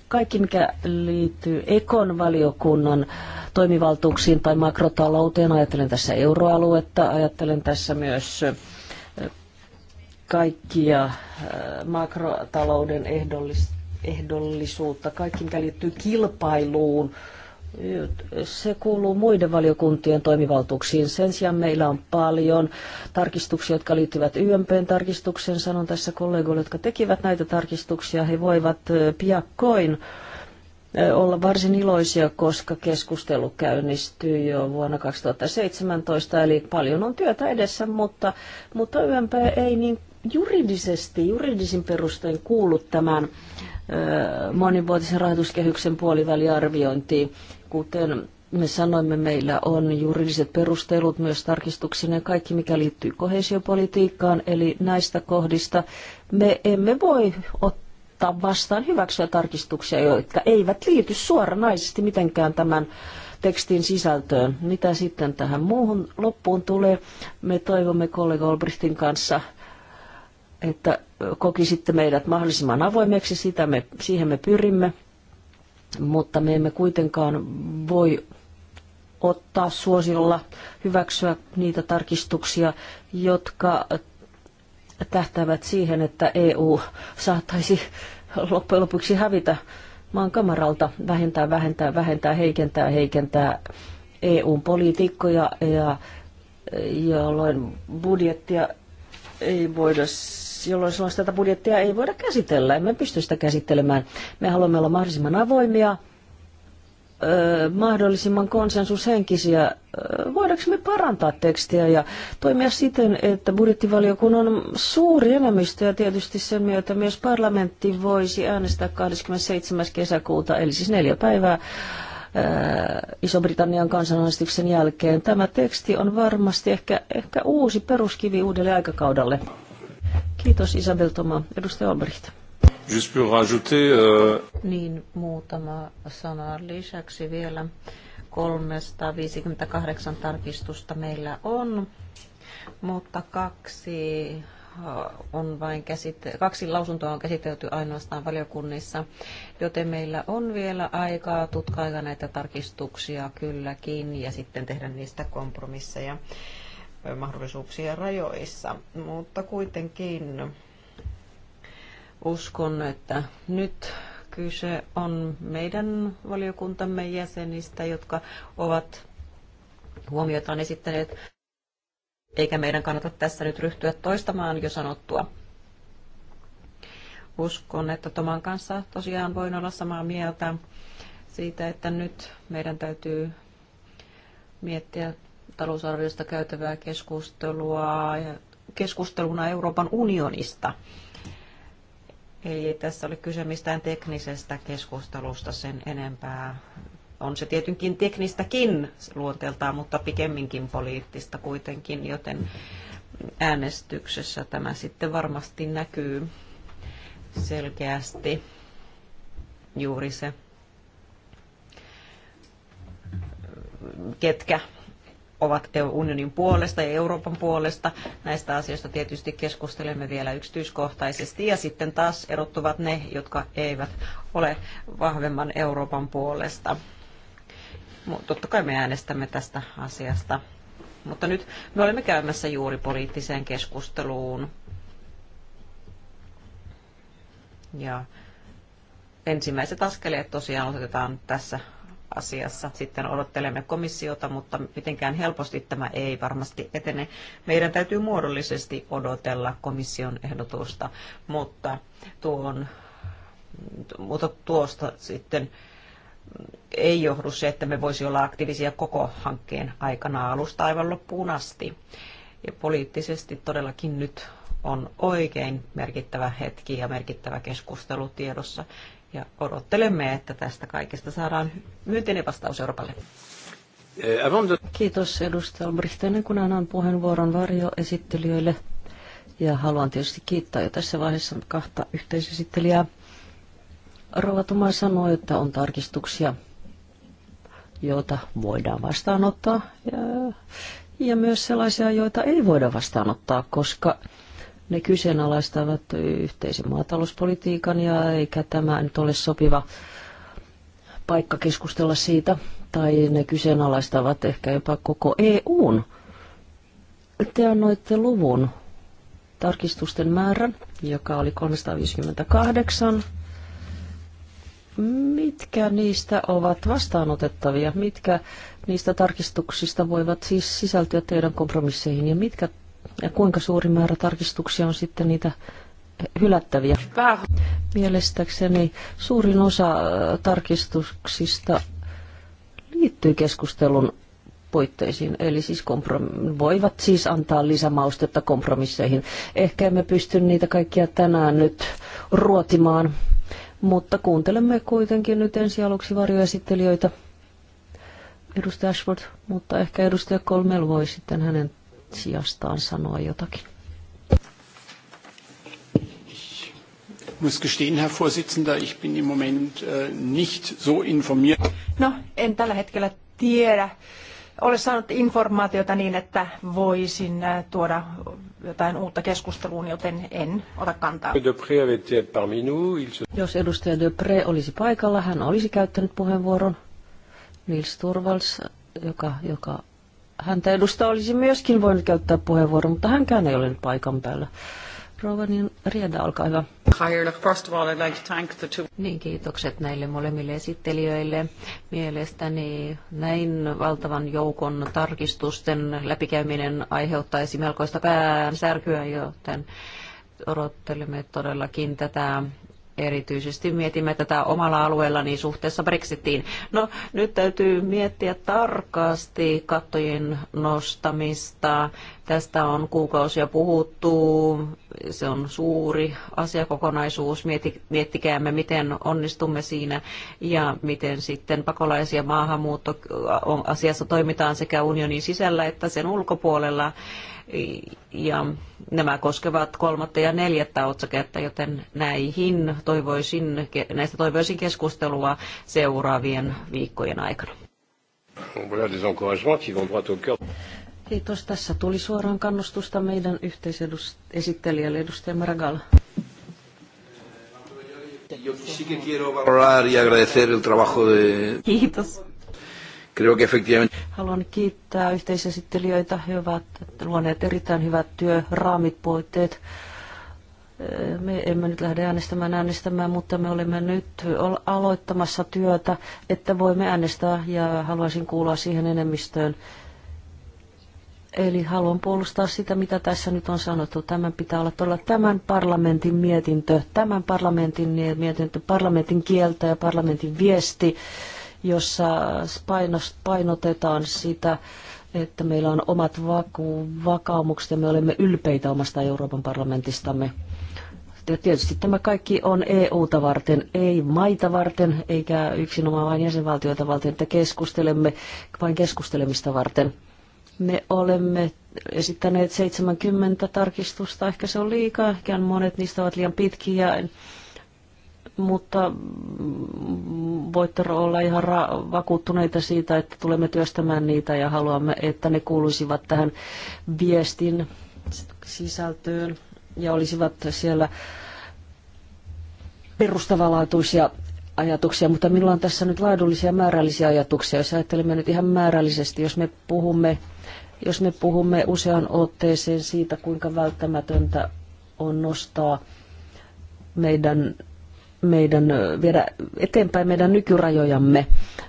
Kaikki, mikä liittyy Ekon valiokunnan toimivaltuuksiin tai makrotalouteen, ajattelen tässä euroaluetta, ajattelen tässä myös kaikkia äh, makrotalouden ehdollis, ehdollisuutta, kaikki mikä liittyy kilpailuun, se kuuluu muiden valiokuntien toimivaltuuksiin. Sen sijaan meillä on paljon tarkistuksia, jotka liittyvät YMPn tarkistukseen. Sanon tässä kollegoille, jotka tekivät näitä tarkistuksia, he voivat piakkoin olla varsin iloisia, koska keskustelu käynnistyy jo vuonna 2017, eli paljon on työtä edessä, mutta, mutta YMP ei niin juridisesti, juridisin perustein kuulu tämän monivuotisen rahoituskehyksen puoliväliarviointiin, kuten me sanoimme, meillä on juridiset perustelut myös ja kaikki, mikä liittyy kohesiopolitiikkaan, eli näistä kohdista me emme voi ottaa vastaan hyväksyä tarkistuksia, jotka eivät liity suoranaisesti mitenkään tämän tekstin sisältöön. Mitä sitten tähän muuhun loppuun tulee, me toivomme kollega Olbrichtin kanssa – että kokisitte meidät mahdollisimman avoimeksi, sitä me, siihen me pyrimme, mutta me emme kuitenkaan voi ottaa suosiolla hyväksyä niitä tarkistuksia, jotka tähtävät siihen, että EU saattaisi loppujen lopuksi hävitä maan kamaralta, vähentää, vähentää, vähentää, heikentää, heikentää eu politiikkoja ja jolloin budjettia ei voida, jolloin silloin tätä budjettia ei voida käsitellä. Emme pysty sitä käsittelemään. Me haluamme olla mahdollisimman avoimia, ö, mahdollisimman konsensushenkisiä. Voidaanko me parantaa tekstiä ja toimia siten, että budjettivaliokunnan suuri enemmistö ja tietysti sen myötä myös parlamentti voisi äänestää 27. kesäkuuta, eli siis neljä päivää Iso-Britannian kansanäänestyksen jälkeen. Tämä teksti on varmasti ehkä, ehkä uusi peruskivi uudelle aikakaudelle. Kiitos Isabel Toma. Edustaja Albrecht. rajouter, uh... Niin, muutama sana lisäksi vielä. 358 tarkistusta meillä on, mutta kaksi Äh, on vain käsite- kaksi lausuntoa on käsitelty ainoastaan valiokunnissa, joten meillä on vielä aikaa tutkailla näitä tarkistuksia kylläkin ja sitten tehdä niistä kompromisseja mahdollisuuksia rajoissa. Mutta kuitenkin uskon, että nyt kyse on meidän valiokuntamme jäsenistä, jotka ovat huomiotaan esittäneet eikä meidän kannata tässä nyt ryhtyä toistamaan jo sanottua. Uskon, että Toman kanssa tosiaan voin olla samaa mieltä siitä, että nyt meidän täytyy miettiä talousarviosta käytävää keskustelua ja keskusteluna Euroopan unionista. Ei tässä ole kyse mistään teknisestä keskustelusta sen enempää. On se tietenkin teknistäkin luonteeltaan, mutta pikemminkin poliittista kuitenkin, joten äänestyksessä tämä sitten varmasti näkyy selkeästi juuri se, ketkä ovat unionin puolesta ja Euroopan puolesta. Näistä asioista tietysti keskustelemme vielä yksityiskohtaisesti ja sitten taas erottuvat ne, jotka eivät ole vahvemman Euroopan puolesta totta kai me äänestämme tästä asiasta. Mutta nyt me olemme käymässä juuri poliittiseen keskusteluun. Ja ensimmäiset askeleet tosiaan otetaan tässä asiassa. Sitten odottelemme komissiota, mutta mitenkään helposti tämä ei varmasti etene. Meidän täytyy muodollisesti odotella komission ehdotusta, mutta, tuon, mutta tuosta sitten ei johdu se, että me voisi olla aktiivisia koko hankkeen aikana alusta aivan loppuun asti. Ja poliittisesti todellakin nyt on oikein merkittävä hetki ja merkittävä keskustelu tiedossa. Ja odottelemme, että tästä kaikesta saadaan myönteinen vastaus Euroopalle. Eh, Kiitos edustaja Albrecht. Ennen kuin annan puheenvuoron varjoesittelijöille, ja haluan tietysti kiittää jo tässä vaiheessa kahta yhteisesittelijää. Rova Tuma sanoi, että on tarkistuksia joita voidaan vastaanottaa ja, ja myös sellaisia, joita ei voida vastaanottaa, koska ne kyseenalaistavat yhteisen maatalouspolitiikan ja eikä tämä nyt ole sopiva paikka keskustella siitä, tai ne kyseenalaistavat ehkä jopa koko EUn. Te annoitte luvun tarkistusten määrän, joka oli 358 Mitkä niistä ovat vastaanotettavia? Mitkä niistä tarkistuksista voivat siis sisältyä teidän kompromisseihin ja, mitkä, ja kuinka suuri määrä tarkistuksia on sitten niitä hylättäviä? Mielestäkseni suurin osa äh, tarkistuksista liittyy keskustelun puitteisiin, eli siis komprom- voivat siis antaa lisämaustetta kompromisseihin. Ehkä emme pysty niitä kaikkia tänään nyt ruotimaan, mutta kuuntelemme kuitenkin nyt ensi aluksi varjoesittelijöitä. Edustaja Ashford, mutta ehkä edustaja Kolmel voi sitten hänen sijastaan sanoa jotakin. muss gestehen, Herr Vorsitzender, ich bin im Moment äh, nicht so informiert. No, en tällä hetkellä tiedä ole saanut informaatiota niin, että voisin äh, tuoda jotain uutta keskusteluun, joten en ota kantaa. Jos edustaja Depre olisi paikalla, hän olisi käyttänyt puheenvuoron. Nils Turvals, joka, joka häntä edustaa, olisi myöskin voinut käyttää puheenvuoron, mutta hänkään ei ole nyt paikan päällä. Rouva niin Rieda, olkaa hyvä. Niin, kiitokset näille molemmille esittelijöille. Mielestäni näin valtavan joukon tarkistusten läpikäyminen aiheuttaisi melkoista päänsärkyä, joten odottelemme todellakin tätä erityisesti mietimme tätä omalla alueellani niin suhteessa Brexitiin. No nyt täytyy miettiä tarkasti kattojen nostamista. Tästä on kuukausia puhuttu. Se on suuri asiakokonaisuus. Miettikäämme, miten onnistumme siinä ja miten sitten pakolais- ja maahanmuuttoasiassa toimitaan sekä unionin sisällä että sen ulkopuolella ja nämä koskevat kolmatta ja neljättä otsaketta, joten näihin toivoisin, näistä toivoisin keskustelua seuraavien viikkojen aikana. Kiitos. Tässä tuli suoraan kannustusta meidän yhteisesittelijälle edustaja Maragall. Kiitos. Creo que efectivamente... Haluan kiittää yhteisesittelijöitä. He ovat luoneet erittäin hyvät työraamit, puitteet. Me emme nyt lähde äänestämään äänestämään, mutta me olemme nyt aloittamassa työtä, että voimme äänestää ja haluaisin kuulla siihen enemmistöön. Eli haluan puolustaa sitä, mitä tässä nyt on sanottu. Tämän pitää olla todella tämän parlamentin mietintö, tämän parlamentin mietintö, parlamentin kieltä ja parlamentin viesti jossa painotetaan sitä, että meillä on omat vaku- vakaumukset ja me olemme ylpeitä omasta Euroopan parlamentistamme. Ja tietysti tämä kaikki on EU-ta varten, ei maita varten, eikä yksinomaan vain jäsenvaltioita varten, että keskustelemme vain keskustelemista varten. Me olemme esittäneet 70 tarkistusta, ehkä se on liikaa, ehkä monet niistä ovat liian pitkiä mutta voitte olla ihan ra- vakuuttuneita siitä, että tulemme työstämään niitä ja haluamme, että ne kuuluisivat tähän viestin sisältöön ja olisivat siellä perustavanlaatuisia ajatuksia, mutta minulla on tässä nyt laadullisia ja määrällisiä ajatuksia. Jos ajattelemme nyt ihan määrällisesti, jos me puhumme, jos me puhumme usean otteeseen siitä, kuinka välttämätöntä on nostaa meidän meidän, viedä eteenpäin meidän nykyrajojamme.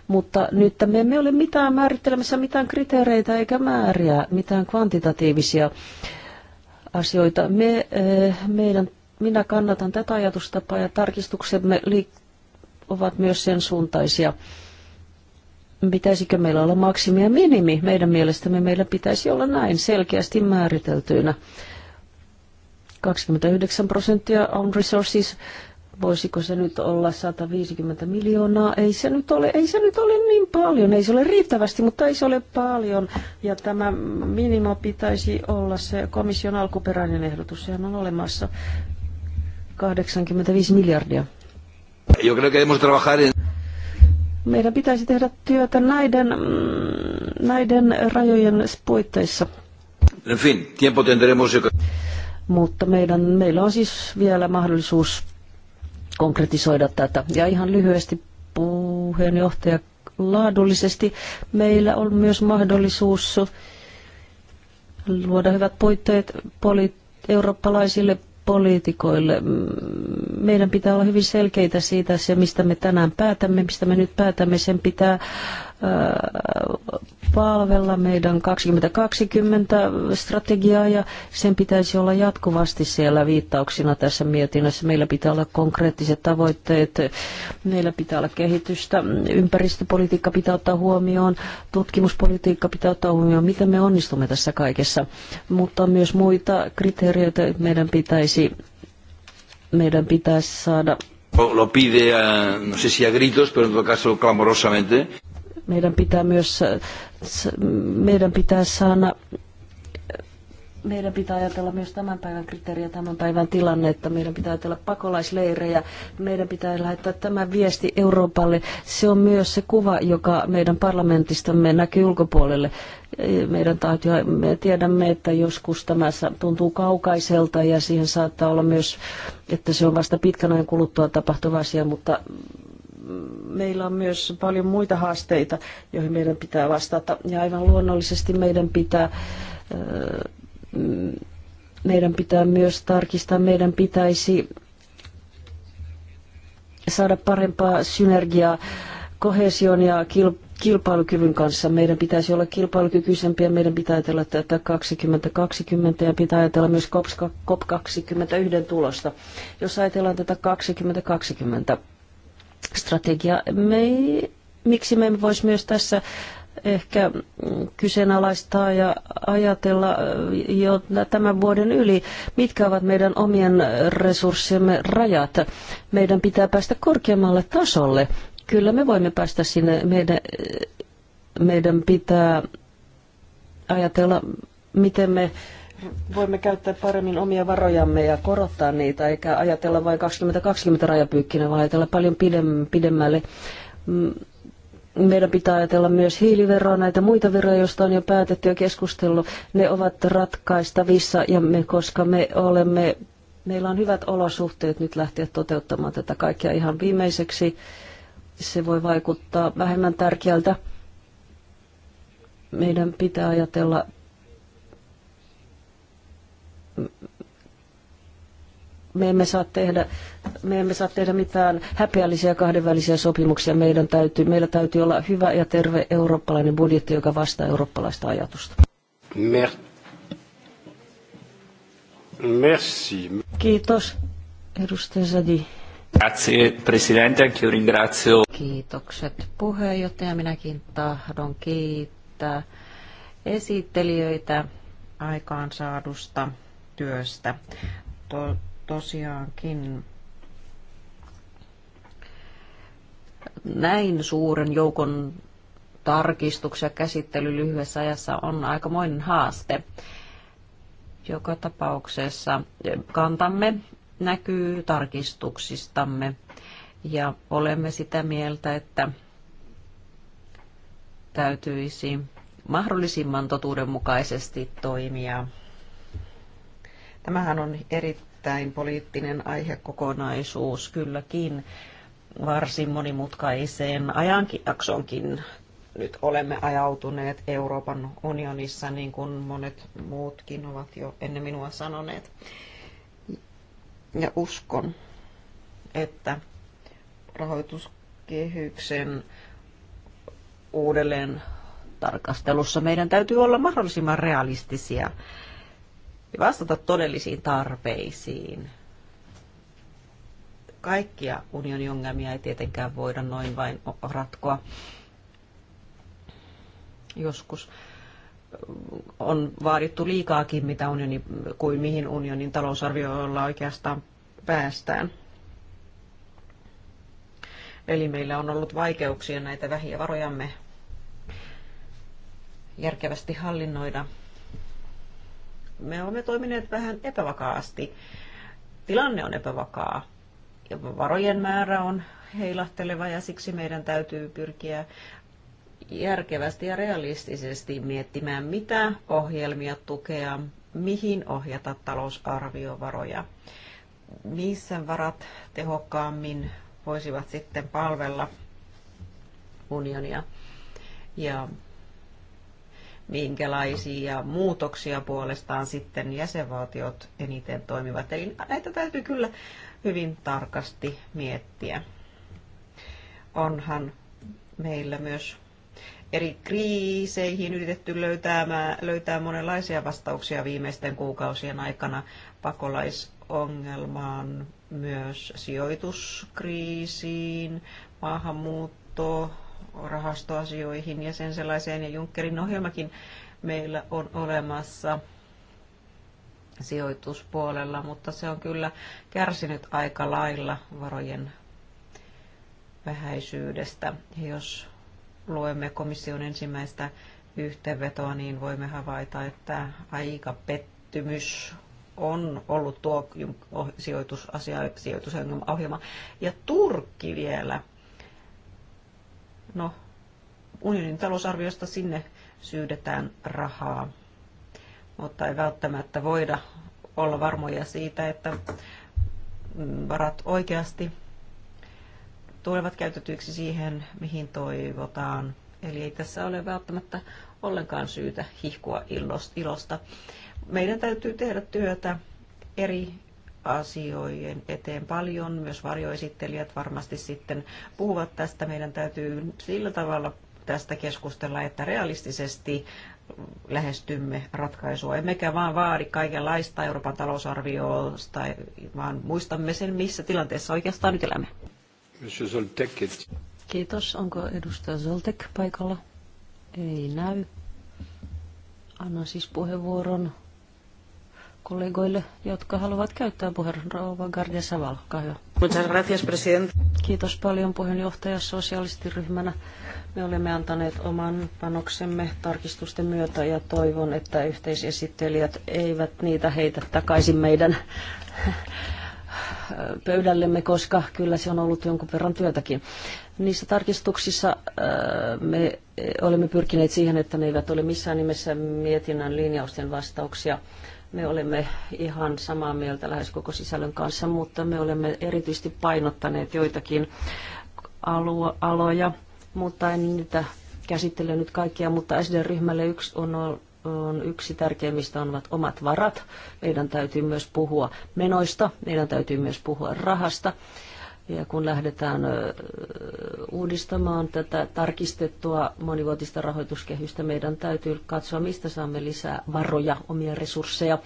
Mutta nyt me emme ole mitään määrittelemässä mitään kriteereitä eikä määriä, mitään kvantitatiivisia asioita. Me, meidän, minä kannatan tätä ajatustapaa ja tarkistuksemme ovat myös sen suuntaisia. Pitäisikö meillä olla maksimi ja minimi? Meidän mielestämme meillä pitäisi olla näin selkeästi määriteltyinä. 29 prosenttia on resources voisiko se nyt olla 150 miljoonaa? Ei se nyt ole, ei se nyt ole niin paljon, ei se ole riittävästi, mutta ei se ole paljon. Ja tämä minimo pitäisi olla se komission alkuperäinen ehdotus, sehän on olemassa 85 miljardia. Yo creo que debemos trabajar en... Meidän pitäisi tehdä työtä näiden, näiden rajojen puitteissa. En fin, tiempo tendremos... Mutta meidän, meillä on siis vielä mahdollisuus konkretisoida tätä. Ja ihan lyhyesti puheenjohtaja laadullisesti meillä on myös mahdollisuus luoda hyvät puitteet poli- eurooppalaisille poliitikoille. Meidän pitää olla hyvin selkeitä siitä, se mistä me tänään päätämme, mistä me nyt päätämme, sen pitää palvella meidän 2020 strategiaa ja sen pitäisi olla jatkuvasti siellä viittauksina tässä mietinnössä. Meillä pitää olla konkreettiset tavoitteet, meillä pitää olla kehitystä, ympäristöpolitiikka pitää ottaa huomioon, tutkimuspolitiikka pitää ottaa huomioon, miten me onnistumme tässä kaikessa. Mutta myös muita kriteereitä meidän pitäisi, meidän pitäisi saada lo pide a, no sé si a gritos, pero en todo caso clamorosamente. Meidän pitää myös, meidän pitää saada meidän pitää ajatella myös tämän päivän kriteeriä, tämän päivän tilannetta. Meidän pitää ajatella pakolaisleirejä. Meidän pitää lähettää tämä viesti Euroopalle. Se on myös se kuva, joka meidän parlamentistamme näkyy ulkopuolelle. Meidän taitoja, me tiedämme, että joskus tämä tuntuu kaukaiselta ja siihen saattaa olla myös, että se on vasta pitkän ajan kuluttua tapahtuva asia, mutta meillä on myös paljon muita haasteita, joihin meidän pitää vastata. Ja aivan luonnollisesti meidän pitää, meidän pitää myös tarkistaa, meidän pitäisi saada parempaa synergiaa kohesion ja kilpailukyvyn kanssa. Meidän pitäisi olla kilpailukykyisempiä, meidän pitää ajatella tätä 2020 ja pitää ajatella myös COP21 tulosta. Jos ajatellaan tätä 2020 strategia. Me ei, miksi me emme voisi myös tässä ehkä kyseenalaistaa ja ajatella jo tämän vuoden yli, mitkä ovat meidän omien resurssiemme rajat. Meidän pitää päästä korkeammalle tasolle. Kyllä me voimme päästä sinne. Meidän, meidän pitää ajatella, miten me voimme käyttää paremmin omia varojamme ja korottaa niitä, eikä ajatella vain 2020 rajapyykkinä, vaan ajatella paljon pidemmälle. Mm, meidän pitää ajatella myös hiiliveroa, näitä muita veroja, joista on jo päätetty ja keskustellut. Ne ovat ratkaistavissa, ja me, koska me olemme, meillä on hyvät olosuhteet nyt lähteä toteuttamaan tätä kaikkea ihan viimeiseksi. Se voi vaikuttaa vähemmän tärkeältä meidän pitää ajatella me emme saa tehdä, me emme saa tehdä mitään häpeällisiä kahdenvälisiä sopimuksia. Meidän täytyy, meillä täytyy olla hyvä ja terve eurooppalainen budjetti, joka vastaa eurooppalaista ajatusta. Mer- Merci. Kiitos, edustaja Sadi. Grazie, presidente. Anch'io ringrazio. Kiitokset puheenjohtaja. Minäkin tahdon kiittää esittelijöitä aikaansaadusta työstä. To, tosiaankin näin suuren joukon tarkistuksia käsittely lyhyessä ajassa on aikamoinen haaste. Joka tapauksessa kantamme näkyy tarkistuksistamme ja olemme sitä mieltä, että täytyisi mahdollisimman totuudenmukaisesti toimia Tämähän on erittäin poliittinen aihekokonaisuus kylläkin varsin monimutkaiseen ajanjaksoonkin nyt olemme ajautuneet Euroopan unionissa, niin kuin monet muutkin ovat jo ennen minua sanoneet. Ja uskon, että rahoituskehyksen uudelleen tarkastelussa meidän täytyy olla mahdollisimman realistisia vastata todellisiin tarpeisiin. Kaikkia unionin ongelmia ei tietenkään voida noin vain ratkoa. Joskus on vaadittu liikaakin mitä unioni, kuin mihin unionin talousarvioilla oikeastaan päästään. Eli meillä on ollut vaikeuksia näitä vähiä varojamme järkevästi hallinnoida me olemme toimineet vähän epävakaasti. Tilanne on epävakaa ja varojen määrä on heilahteleva ja siksi meidän täytyy pyrkiä järkevästi ja realistisesti miettimään, mitä ohjelmia tukea, mihin ohjata talousarviovaroja, missä varat tehokkaammin voisivat sitten palvella unionia. Ja minkälaisia muutoksia puolestaan sitten jäsenvaltiot eniten toimivat. Eli näitä täytyy kyllä hyvin tarkasti miettiä. Onhan meillä myös eri kriiseihin yritetty löytää, löytää monenlaisia vastauksia viimeisten kuukausien aikana pakolaisongelmaan, myös sijoituskriisiin, maahanmuuttoon, rahastoasioihin ja sen sellaiseen, ja Junckerin ohjelmakin meillä on olemassa sijoituspuolella, mutta se on kyllä kärsinyt aika lailla varojen vähäisyydestä. Jos luemme komission ensimmäistä yhteenvetoa, niin voimme havaita, että aika pettymys on ollut tuo sijoitusasia, sijoitusohjelma. Ja Turkki vielä No, unionin talousarviosta sinne syydetään rahaa, mutta ei välttämättä voida olla varmoja siitä, että mm, varat oikeasti tulevat käytetyiksi siihen, mihin toivotaan. Eli ei tässä ole välttämättä ollenkaan syytä hihkua ilosta. Meidän täytyy tehdä työtä eri asioiden eteen paljon. Myös varjoesittelijät varmasti sitten puhuvat tästä. Meidän täytyy sillä tavalla tästä keskustella, että realistisesti lähestymme ratkaisua. Emmekä vaan vaadi kaikenlaista Euroopan talousarviosta, vaan muistamme sen, missä tilanteessa oikeastaan nyt elämme. Kiitos. Onko edustaja Zoltek paikalla? Ei näy. Anna siis puheenvuoron kollegoille, jotka haluavat käyttää puheenvuoron. Rouva Muchas gracias, Kiitos paljon puheenjohtaja sosialistiryhmänä. Me olemme antaneet oman panoksemme tarkistusten myötä ja toivon, että yhteisesittelijät eivät niitä heitä takaisin meidän pöydällemme, koska kyllä se on ollut jonkun verran työtäkin. Niissä tarkistuksissa äh, me olemme pyrkineet siihen, että ne eivät ole missään nimessä mietinnän linjausten vastauksia me olemme ihan samaa mieltä lähes koko sisällön kanssa, mutta me olemme erityisesti painottaneet joitakin alue- aloja, mutta en niitä käsittele nyt kaikkia, mutta SD-ryhmälle yksi on on yksi tärkeimmistä ovat omat varat. Meidän täytyy myös puhua menoista, meidän täytyy myös puhua rahasta. Ja kun lähdetään uudistamaan tätä tarkistettua monivuotista rahoituskehystä, meidän täytyy katsoa, mistä saamme lisää varoja, omia resursseja.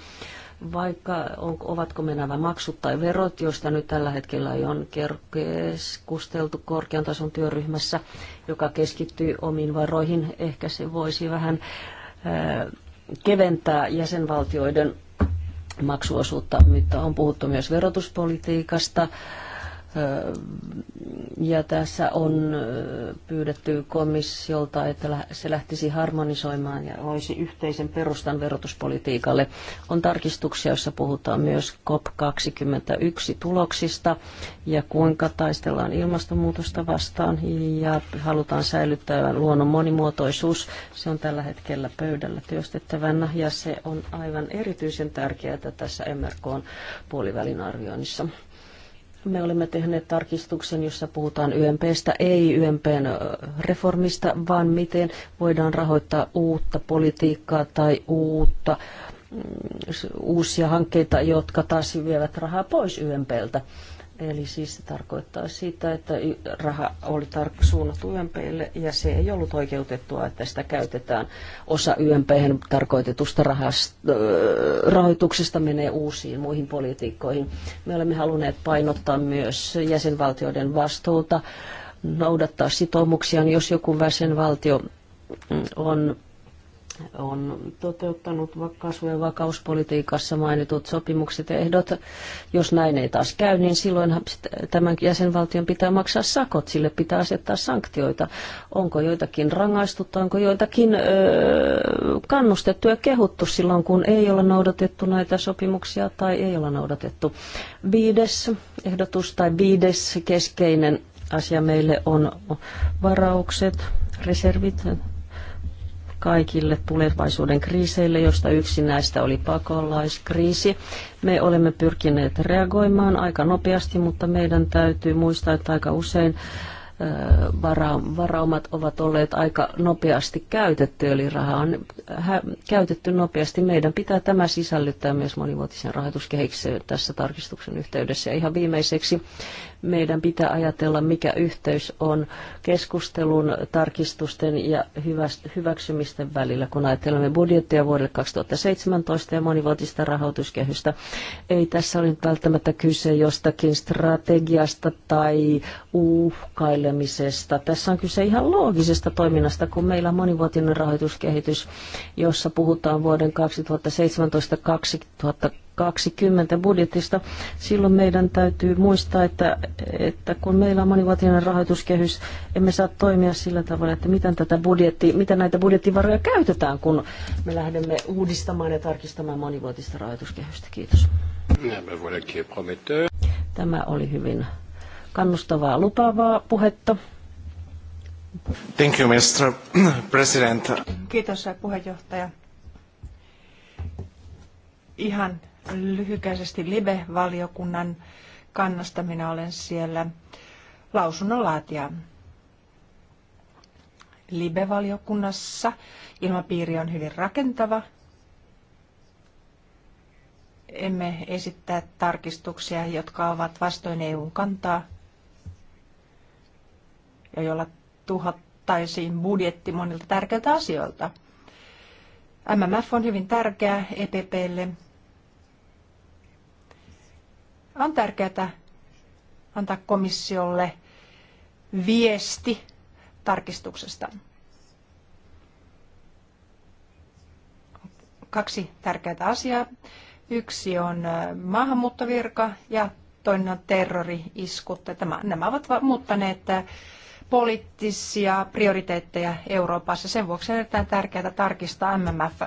Vaikka on, ovatko me nämä maksut tai verot, joista nyt tällä hetkellä on keskusteltu korkean tason työryhmässä, joka keskittyy omiin varoihin, ehkä se voisi vähän keventää jäsenvaltioiden maksuosuutta, mutta on puhuttu myös verotuspolitiikasta ja tässä on pyydetty komissiolta, että se lähtisi harmonisoimaan ja olisi yhteisen perustan verotuspolitiikalle. On tarkistuksia, joissa puhutaan myös COP21 tuloksista ja kuinka taistellaan ilmastonmuutosta vastaan ja halutaan säilyttää luonnon monimuotoisuus. Se on tällä hetkellä pöydällä työstettävänä ja se on aivan erityisen tärkeää tässä MRK puolivälin arvioinnissa. Me olemme tehneet tarkistuksen, jossa puhutaan YMPstä, ei YMPn reformista, vaan miten voidaan rahoittaa uutta politiikkaa tai uutta mm, uusia hankkeita, jotka taas vievät rahaa pois YMPltä. Eli siis se tarkoittaa sitä, että raha oli tar- suunnattu YMPille ja se ei ollut oikeutettua, että sitä käytetään. Osa YMP tarkoitetusta rahast- rahoituksesta menee uusiin muihin politiikkoihin. Me olemme halunneet painottaa myös jäsenvaltioiden vastuuta noudattaa sitoumuksiaan, jos joku jäsenvaltio mm, on on toteuttanut kasvu- ja vakauspolitiikassa mainitut sopimukset ja ehdot. Jos näin ei taas käy, niin silloin tämän jäsenvaltion pitää maksaa sakot, sille pitää asettaa sanktioita. Onko joitakin rangaistuttu, onko joitakin öö, kannustettu ja kehuttu silloin, kun ei ole noudatettu näitä sopimuksia tai ei ole noudatettu. Viides ehdotus tai viides keskeinen asia meille on varaukset, reservit, kaikille tulevaisuuden kriiseille, joista yksi näistä oli pakolaiskriisi. Me olemme pyrkineet reagoimaan aika nopeasti, mutta meidän täytyy muistaa, että aika usein varaumat ovat olleet aika nopeasti käytetty, eli raha on käytetty nopeasti. Meidän pitää tämä sisällyttää myös monivuotisen rahoituskehikseen tässä tarkistuksen yhteydessä. Ja ihan viimeiseksi meidän pitää ajatella, mikä yhteys on keskustelun, tarkistusten ja hyväksymisten välillä, kun ajattelemme budjettia vuodelle 2017 ja monivuotista rahoituskehystä. Ei tässä ole nyt välttämättä kyse jostakin strategiasta tai uhkailemisesta. Tässä on kyse ihan loogisesta toiminnasta, kun meillä on monivuotinen rahoituskehitys, jossa puhutaan vuoden 2017 2020 2020 budjetista. Silloin meidän täytyy muistaa, että, että kun meillä on monivuotinen rahoituskehys, emme saa toimia sillä tavalla, että miten, tätä budjetti, miten näitä budjettivaroja käytetään, kun me lähdemme uudistamaan ja tarkistamaan monivuotista rahoituskehystä. Kiitos. Tämä oli hyvin kannustavaa lupaavaa puhetta. Thank you, Mr. President. Kiitos puheenjohtaja. Ihan lyhykäisesti Libe-valiokunnan kannasta. Minä olen siellä lausunnonlaatija. Libe-valiokunnassa ilmapiiri on hyvin rakentava. Emme esittää tarkistuksia, jotka ovat vastoin EUn kantaa ja jolla tuhattaisiin budjetti monilta tärkeiltä asioilta. MMF on hyvin tärkeä EPPlle on tärkeää antaa komissiolle viesti tarkistuksesta. Kaksi tärkeää asiaa. Yksi on äh, maahanmuuttovirka ja toinen on terrori-iskut. nämä ovat muuttaneet äh, poliittisia prioriteetteja Euroopassa. Sen vuoksi on erittäin tärkeää tarkistaa MMF.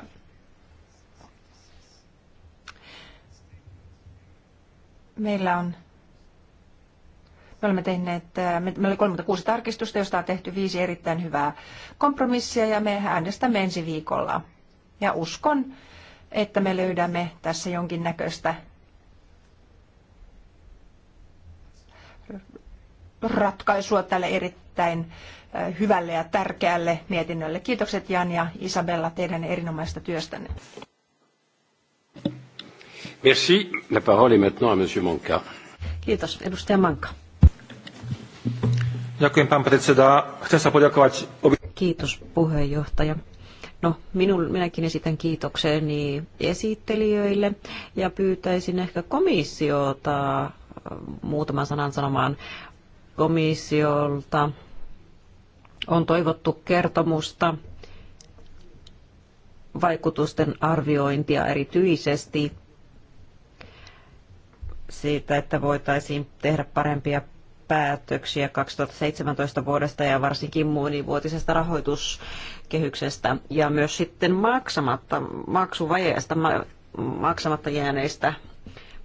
Meillä on me olemme tehneet, äh, meillä oli 36 tarkistusta, josta on tehty viisi erittäin hyvää kompromissia ja me äänestämme ensi viikolla. Ja uskon, että me löydämme tässä jonkinnäköistä ratkaisua tälle erittäin äh, hyvälle ja tärkeälle mietinnölle. Kiitokset Jan ja Isabella teidän erinomaista työstänne. Merci. La parole est maintenant à Monsieur Manka. Kiitos. Edustaja Manka. Ďakujem, pán predseda. Chcem Kiitos, puheenjohtaja. No, minun, minäkin esitän kiitokseni esittelijöille ja pyytäisin ehkä komissiota äh, muutaman sanan sanomaan komissiolta. On toivottu kertomusta vaikutusten arviointia erityisesti siitä, että voitaisiin tehdä parempia päätöksiä 2017 vuodesta ja varsinkin monivuotisesta rahoituskehyksestä ja myös sitten maksamatta, maksuvajeesta, maksamatta jääneistä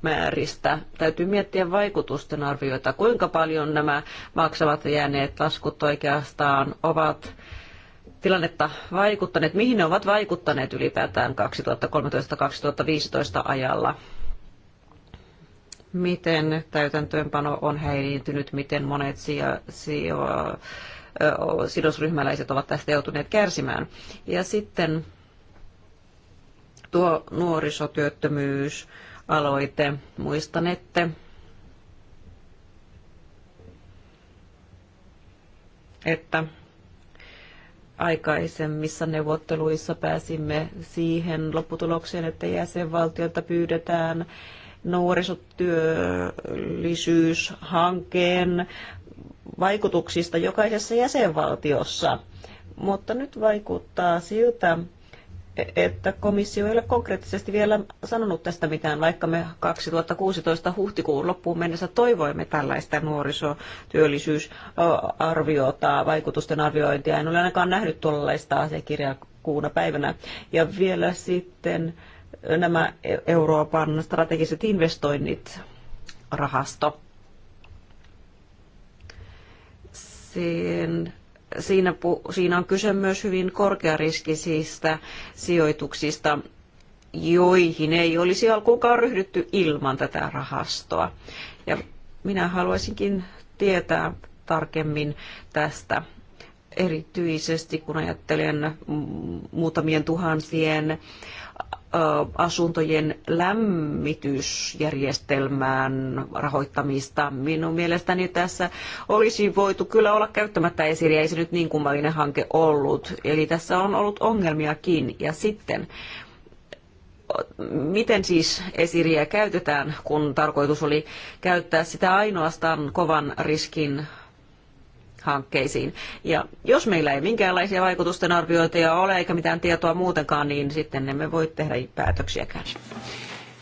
määristä. Täytyy miettiä vaikutusten arvioita, kuinka paljon nämä maksavat jääneet laskut oikeastaan ovat tilannetta vaikuttaneet, mihin ne ovat vaikuttaneet ylipäätään 2013-2015 ajalla miten täytäntöönpano on häiriintynyt, miten monet sija, sija, sidosryhmäläiset ovat tästä joutuneet kärsimään. Ja sitten tuo nuorisotyöttömyysaloite, muistanette, että aikaisemmissa neuvotteluissa pääsimme siihen lopputulokseen, että jäsenvaltiolta pyydetään nuorisotyöllisyyshankkeen vaikutuksista jokaisessa jäsenvaltiossa. Mutta nyt vaikuttaa siltä, että komissio ei ole konkreettisesti vielä sanonut tästä mitään, vaikka me 2016 huhtikuun loppuun mennessä toivoimme tällaista nuorisotyöllisyysarviota, vaikutusten arviointia. En ole ainakaan nähnyt tuollaista asiakirjaa kuuna päivänä. Ja vielä sitten nämä Euroopan strategiset investoinnit rahasto. Siin, siinä, siinä on kyse myös hyvin korkeariskisistä sijoituksista, joihin ei olisi alkuunkaan ryhdytty ilman tätä rahastoa. Ja minä haluaisinkin tietää tarkemmin tästä erityisesti, kun ajattelen muutamien tuhansien Äh, asuntojen lämmitysjärjestelmän rahoittamista. Minun mielestäni tässä olisi voitu kyllä olla käyttämättä esiin, ei se nyt niin kummallinen hanke ollut. Eli tässä on ollut ongelmiakin. Ja sitten miten siis esiriä käytetään, kun tarkoitus oli käyttää sitä ainoastaan kovan riskin hankkeisiin. Ja jos meillä ei minkäänlaisia vaikutusten arviointeja ole eikä mitään tietoa muutenkaan, niin sitten emme voi tehdä päätöksiäkään.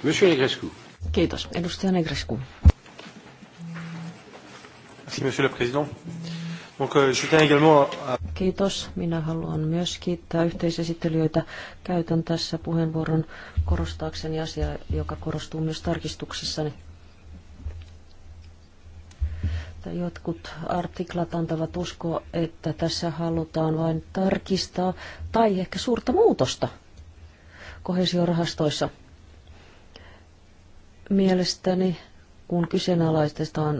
Monsieur Negrescu. Kiitos. Edustaja Negrescu. Monsieur le Président. Euh, Kiitos. Minä haluan myös kiittää yhteisesittelijöitä. Käytän tässä puheenvuoron korostaakseni asiaa, joka korostuu myös tarkistuksessani. Jotkut artiklat antavat uskoa, että tässä halutaan vain tarkistaa tai ehkä suurta muutosta kohesiorahastoissa. Mielestäni, kun kyseenalaistetaan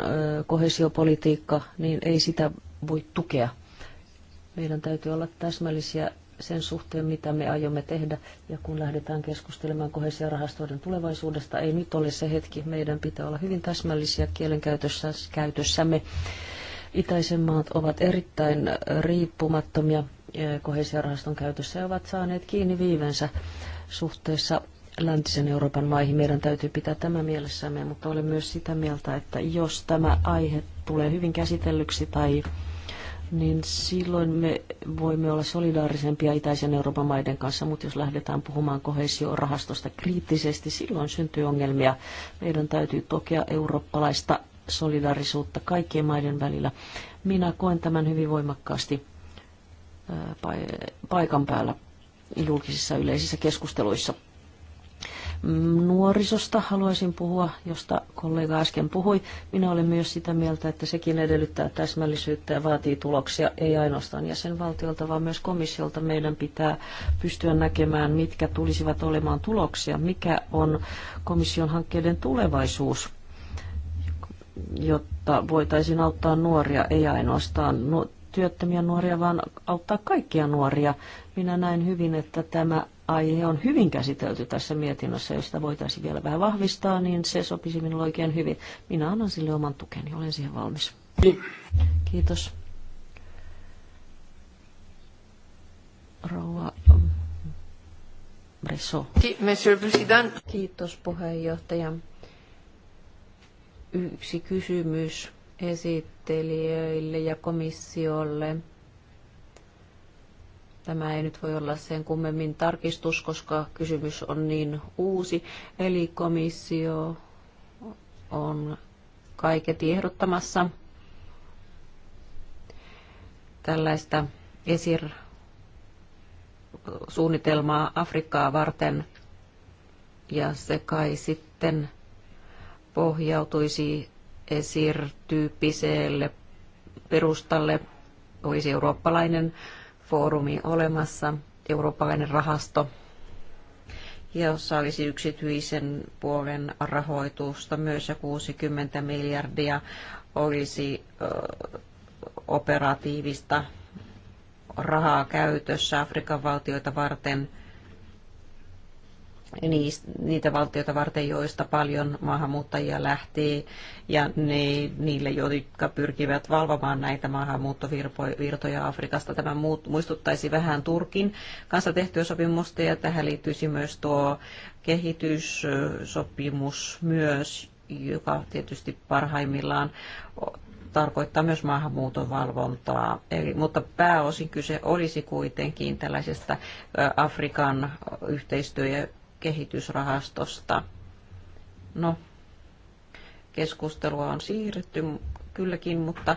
kohesiopolitiikka, niin ei sitä voi tukea. Meidän täytyy olla täsmällisiä sen suhteen, mitä me aiomme tehdä. Ja kun lähdetään keskustelemaan kohesiorahastoiden tulevaisuudesta, ei nyt ole se hetki. Meidän pitää olla hyvin täsmällisiä kielenkäytössämme. Itäisen maat ovat erittäin riippumattomia eh, kohesiorahaston käytössä ja ovat saaneet kiinni viivensä suhteessa läntisen Euroopan maihin. Meidän täytyy pitää tämä mielessämme, mutta olen myös sitä mieltä, että jos tämä aihe tulee hyvin käsitellyksi tai niin silloin me voimme olla solidaarisempia itäisen Euroopan maiden kanssa, mutta jos lähdetään puhumaan kohesiorahastosta kriittisesti, silloin syntyy ongelmia. Meidän täytyy tokea eurooppalaista solidaarisuutta kaikkien maiden välillä. Minä koen tämän hyvin voimakkaasti äh, paikan päällä julkisissa yleisissä keskusteluissa. Nuorisosta haluaisin puhua, josta kollega äsken puhui. Minä olen myös sitä mieltä, että sekin edellyttää täsmällisyyttä ja vaatii tuloksia, ei ainoastaan jäsenvaltiolta, vaan myös komissiolta. Meidän pitää pystyä näkemään, mitkä tulisivat olemaan tuloksia, mikä on komission hankkeiden tulevaisuus jotta voitaisiin auttaa nuoria, ei ainoastaan työttömiä nuoria, vaan auttaa kaikkia nuoria. Minä näen hyvin, että tämä aihe on hyvin käsitelty tässä mietinnössä. Jos sitä voitaisiin vielä vähän vahvistaa, niin se sopisi minulle oikein hyvin. Minä annan sille oman tukeni, olen siihen valmis. Kiitos. Rouva Bresso. Kiitos puheenjohtaja. Yksi kysymys esittelijöille ja komissiolle. Tämä ei nyt voi olla sen kummemmin tarkistus, koska kysymys on niin uusi. Eli komissio on kaiket ehdottamassa tällaista ESIR-suunnitelmaa Afrikkaa varten. Ja se kai sitten pohjautuisi ESIR-tyyppiselle perustalle, olisi eurooppalainen foorumi olemassa, eurooppalainen rahasto, jossa olisi yksityisen puolen rahoitusta myös ja 60 miljardia olisi operatiivista rahaa käytössä Afrikan valtioita varten – niitä valtioita varten, joista paljon maahanmuuttajia lähtee, ja ne, niille, jotka pyrkivät valvomaan näitä maahanmuuttovirtoja Afrikasta. Tämä muistuttaisi vähän Turkin kanssa tehtyä sopimusta, ja tähän liittyisi myös tuo kehityssopimus myös, joka tietysti parhaimmillaan tarkoittaa myös maahanmuuton valvontaa, Eli, mutta pääosin kyse olisi kuitenkin tällaisesta Afrikan yhteistyö- ja kehitysrahastosta. No, keskustelua on siirretty kylläkin, mutta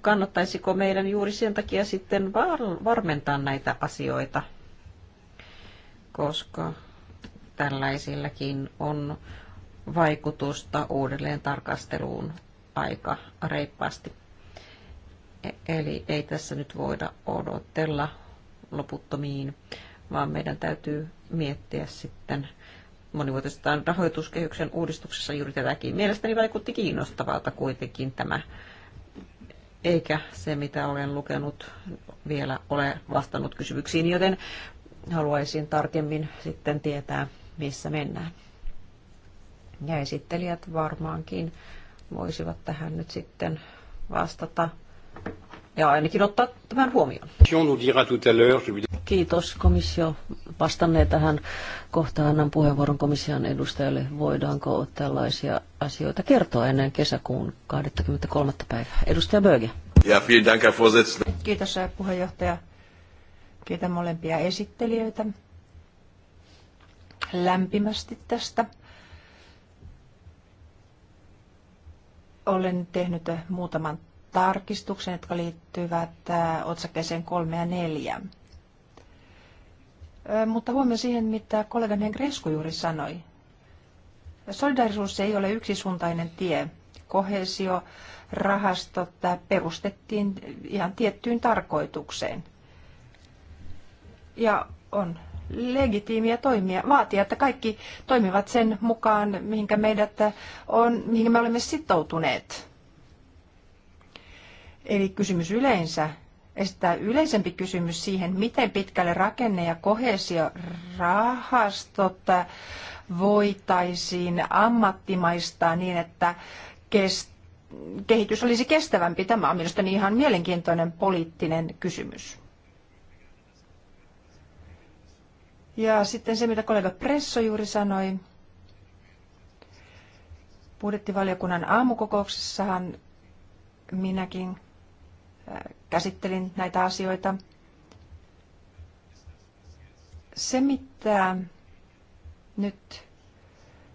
kannattaisiko meidän juuri sen takia sitten varmentaa näitä asioita, koska tällaisillakin on vaikutusta uudelleen tarkasteluun aika reippaasti. E-, eli ei tässä nyt voida odotella loputtomiin vaan meidän täytyy miettiä sitten monivuotistaan rahoituskehyksen uudistuksessa juuri tätäkin. Mielestäni vaikutti kiinnostavalta kuitenkin tämä, eikä se mitä olen lukenut vielä ole vastannut kysymyksiin, joten haluaisin tarkemmin sitten tietää, missä mennään. Ja esittelijät varmaankin voisivat tähän nyt sitten vastata ja ainakin ottaa tämän huomioon. Kiitos komissio vastanneet tähän. kohtaan. annan puheenvuoron komission edustajalle. Voidaanko tällaisia asioita kertoa ennen kesäkuun 23. päivää? Edustaja Böge. Ja, vielen Kiitos puheenjohtaja. Kiitän molempia esittelijöitä lämpimästi tästä. Olen tehnyt muutaman tarkistuksen, jotka liittyvät äh, otsakkeeseen 3 ja 4. Mutta huomio siihen, mitä kollegani Negresku juuri sanoi. Solidarisuus ei ole yksisuuntainen tie. Kohesio, rahastot äh, perustettiin ihan tiettyyn tarkoitukseen. Ja on legitiimiä toimia, vaatia, että kaikki toimivat sen mukaan, mihinkä, meidät äh, on, mihinkä me olemme sitoutuneet. Eli kysymys yleensä, esittää yleisempi kysymys siihen, miten pitkälle rakenne- ja kohesiorahastot voitaisiin ammattimaistaa niin, että kest- kehitys olisi kestävämpi. Tämä on niin ihan mielenkiintoinen poliittinen kysymys. Ja sitten se, mitä kollega Presso juuri sanoi. Budjettivaliokunnan aamukokouksessahan minäkin käsittelin näitä asioita. Se, mitä nyt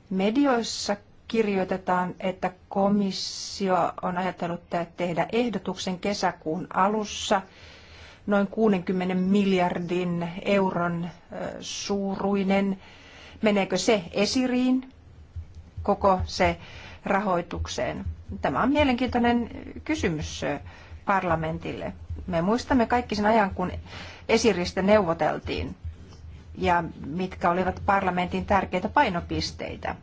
medioissa kirjoitetaan, että komissio on ajatellut tehdä ehdotuksen kesäkuun alussa noin 60 miljardin euron suuruinen. Meneekö se esiriin koko se rahoitukseen? Tämä on mielenkiintoinen kysymys parlamentille. Me muistamme kaikki sen ajan, kun esiristä neuvoteltiin ja mitkä olivat parlamentin tärkeitä painopisteitä,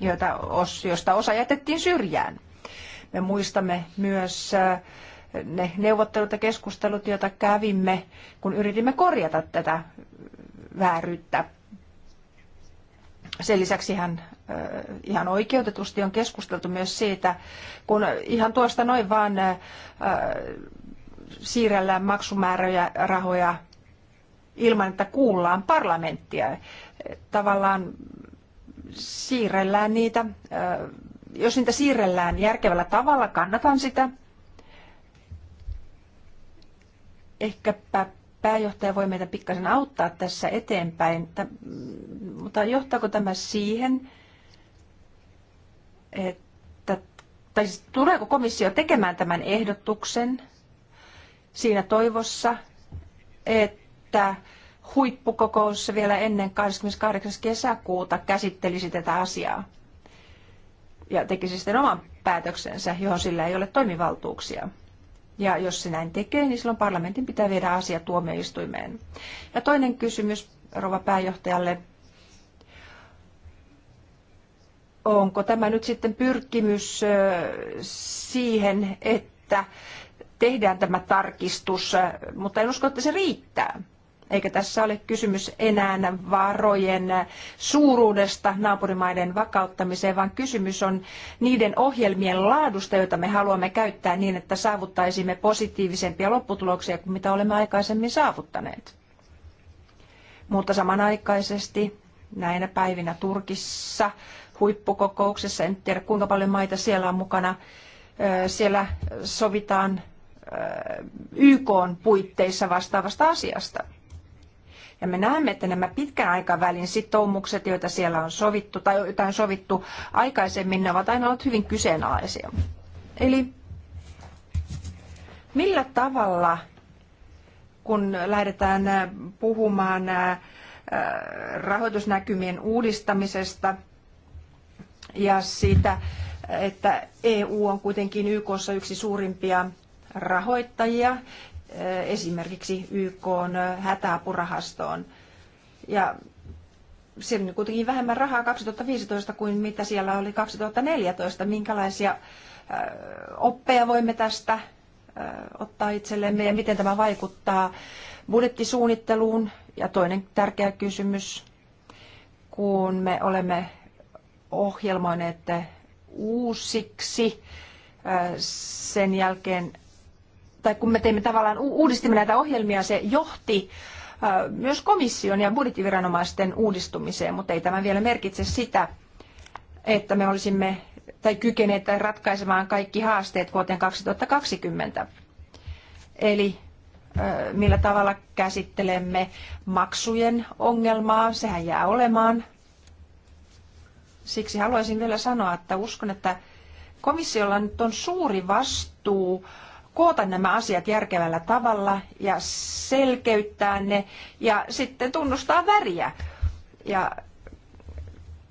joita, josta osa jätettiin syrjään. Me muistamme myös äh, ne neuvottelut ja keskustelut, joita kävimme, kun yritimme korjata tätä vääryyttä. Sen lisäksi hän ihan oikeutetusti on keskusteltu myös siitä, kun ihan tuosta noin vaan siirrellään maksumääräjä rahoja ilman, että kuullaan parlamenttia. Tavallaan siirrellään niitä, jos niitä siirrellään järkevällä tavalla, kannatan sitä. Ehkäpä pääjohtaja voi meitä pikkasen auttaa tässä eteenpäin, mutta johtaako tämä siihen, että, tai siis tuleeko komissio tekemään tämän ehdotuksen siinä toivossa, että huippukokous vielä ennen 28. kesäkuuta käsittelisi tätä asiaa ja tekisi sitten oman päätöksensä, johon sillä ei ole toimivaltuuksia. Ja jos se näin tekee, niin silloin parlamentin pitää viedä asia tuomioistuimeen. Ja toinen kysymys rouva pääjohtajalle onko tämä nyt sitten pyrkimys siihen, että tehdään tämä tarkistus, mutta en usko, että se riittää. Eikä tässä ole kysymys enää varojen suuruudesta naapurimaiden vakauttamiseen, vaan kysymys on niiden ohjelmien laadusta, joita me haluamme käyttää niin, että saavuttaisimme positiivisempia lopputuloksia kuin mitä olemme aikaisemmin saavuttaneet. Mutta samanaikaisesti näinä päivinä Turkissa huippukokouksessa, en tiedä kuinka paljon maita siellä on mukana, siellä sovitaan YK puitteissa vastaavasta asiasta. Ja me näemme, että nämä pitkän aikavälin sitoumukset, joita siellä on sovittu tai joita on sovittu aikaisemmin, ne ovat aina olleet hyvin kyseenalaisia. Eli millä tavalla, kun lähdetään puhumaan rahoitusnäkymien uudistamisesta – ja siitä, että EU on kuitenkin YKssa yksi suurimpia rahoittajia eh, esimerkiksi YK eh, hätäapurahastoon. Ja siellä on kuitenkin vähemmän rahaa 2015 kuin mitä siellä oli 2014. Minkälaisia eh, oppeja voimme tästä ottaa itsellemme ja miten tämä vaikuttaa budjettisuunnitteluun? Ja toinen tärkeä kysymys, kun me olemme ohjelmoineet uusiksi sen jälkeen, tai kun me teimme tavallaan, uudistimme näitä ohjelmia, se johti myös komission ja budjettiviranomaisten uudistumiseen, mutta ei tämä vielä merkitse sitä, että me olisimme tai kykeneet ratkaisemaan kaikki haasteet vuoteen 2020. Eli millä tavalla käsittelemme maksujen ongelmaa, sehän jää olemaan Siksi haluaisin vielä sanoa, että uskon, että komissiolla nyt on suuri vastuu koota nämä asiat järkevällä tavalla ja selkeyttää ne ja sitten tunnustaa väriä. Ja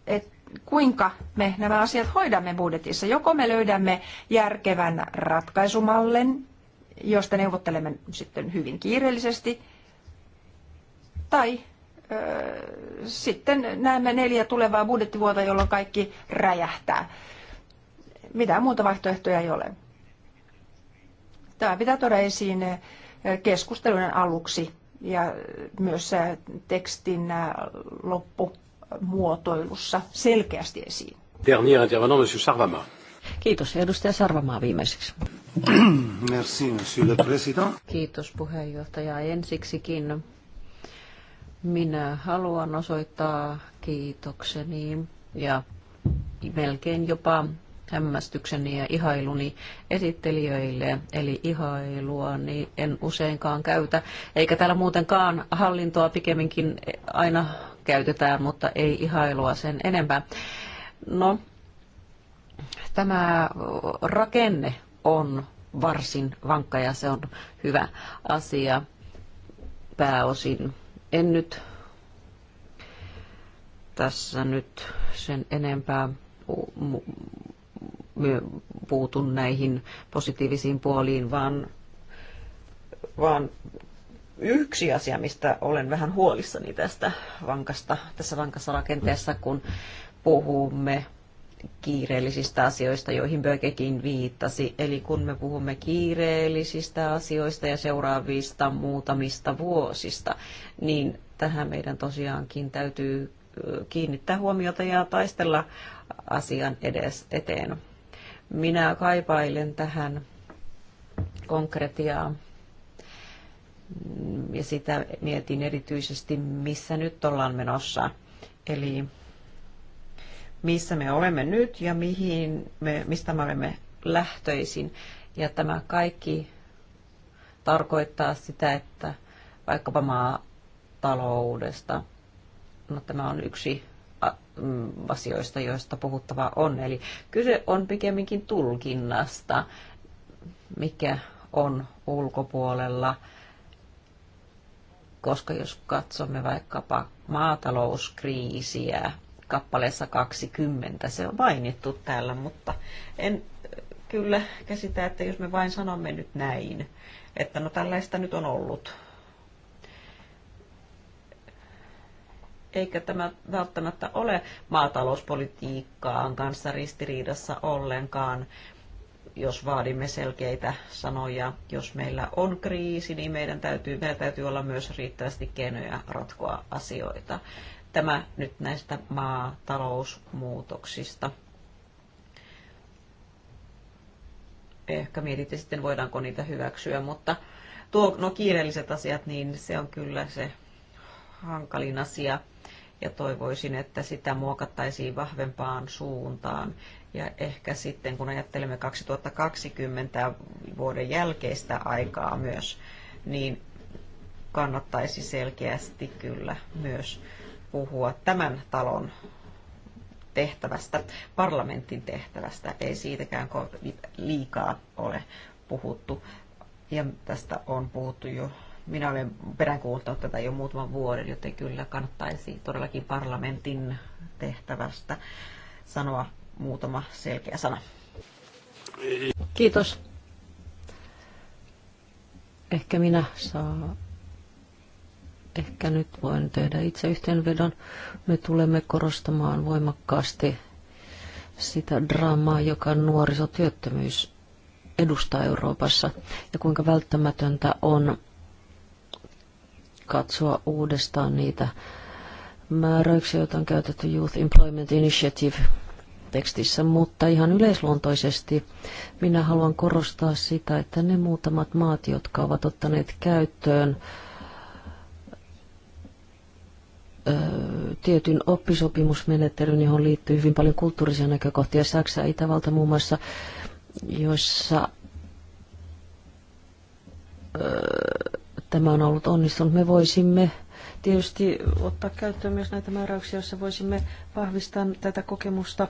et kuinka me nämä asiat hoidamme budjetissa. Joko me löydämme järkevän ratkaisumallin, josta neuvottelemme sitten hyvin kiireellisesti, tai sitten näemme neljä tulevaa budjettivuotta, jolloin kaikki räjähtää. Mitään muuta vaihtoehtoja ei ole. Tämä pitää tuoda esiin keskustelun aluksi ja myös tekstin loppumuotoilussa selkeästi esiin. Dernier intervenant, monsieur Sarvamaa. Kiitos. Edustaja Sarvamaa viimeiseksi. Merci, monsieur le président. Kiitos puheenjohtaja. Ensiksikin minä haluan osoittaa kiitokseni ja melkein jopa hämmästykseni ja ihailuni esittelijöille, eli ihailua niin en useinkaan käytä, eikä täällä muutenkaan hallintoa pikemminkin aina käytetään, mutta ei ihailua sen enempää. No, tämä rakenne on varsin vankka ja se on hyvä asia pääosin en nyt tässä nyt sen enempää puutu näihin positiivisiin puoliin, vaan, vaan yksi asia, mistä olen vähän huolissani tästä vankasta, tässä vankassa rakenteessa, kun puhumme kiireellisistä asioista, joihin Bögekin viittasi. Eli kun me puhumme kiireellisistä asioista ja seuraavista muutamista vuosista, niin tähän meidän tosiaankin täytyy kiinnittää huomiota ja taistella asian edes eteen. Minä kaipailen tähän konkretiaa ja sitä mietin erityisesti, missä nyt ollaan menossa. Eli missä me olemme nyt ja mihin me, mistä me olemme lähtöisin. Ja tämä kaikki tarkoittaa sitä, että vaikkapa maataloudesta, no tämä on yksi mm, asioista, joista puhuttava on. Eli kyse on pikemminkin tulkinnasta, mikä on ulkopuolella, koska jos katsomme vaikkapa maatalouskriisiä, kappaleessa 20. Se on mainittu täällä, mutta en kyllä käsitä, että jos me vain sanomme nyt näin, että no tällaista nyt on ollut. Eikä tämä välttämättä ole maatalouspolitiikkaan kanssa ristiriidassa ollenkaan, jos vaadimme selkeitä sanoja. Jos meillä on kriisi, niin meidän täytyy, meillä täytyy olla myös riittävästi keinoja ratkoa asioita tämä nyt näistä maatalousmuutoksista. Ehkä mietitte sitten, voidaanko niitä hyväksyä, mutta tuo, no kiireelliset asiat, niin se on kyllä se hankalin asia. Ja toivoisin, että sitä muokattaisiin vahvempaan suuntaan. Ja ehkä sitten, kun ajattelemme 2020 vuoden jälkeistä aikaa myös, niin kannattaisi selkeästi kyllä myös puhua tämän talon tehtävästä, parlamentin tehtävästä. Ei siitäkään liikaa ole puhuttu. Ja tästä on puhuttu jo minä olen peräänkuuluttanut tätä jo muutaman vuoden, joten kyllä kannattaisi todellakin parlamentin tehtävästä sanoa muutama selkeä sana. Kiitos. Ehkä minä saa, Ehkä nyt voin tehdä itse yhteenvedon. Me tulemme korostamaan voimakkaasti sitä draamaa, joka nuorisotyöttömyys edustaa Euroopassa ja kuinka välttämätöntä on katsoa uudestaan niitä määräyksiä, joita on käytetty Youth Employment Initiative tekstissä, mutta ihan yleisluontoisesti minä haluan korostaa sitä, että ne muutamat maat, jotka ovat ottaneet käyttöön tietyn oppisopimusmenettelyn, johon liittyy hyvin paljon kulttuurisia näkökohtia. Saksa ja Itävalta muun muassa, joissa tämä on ollut onnistunut. Me voisimme tietysti ottaa käyttöön myös näitä määräyksiä, joissa voisimme vahvistaa tätä kokemusta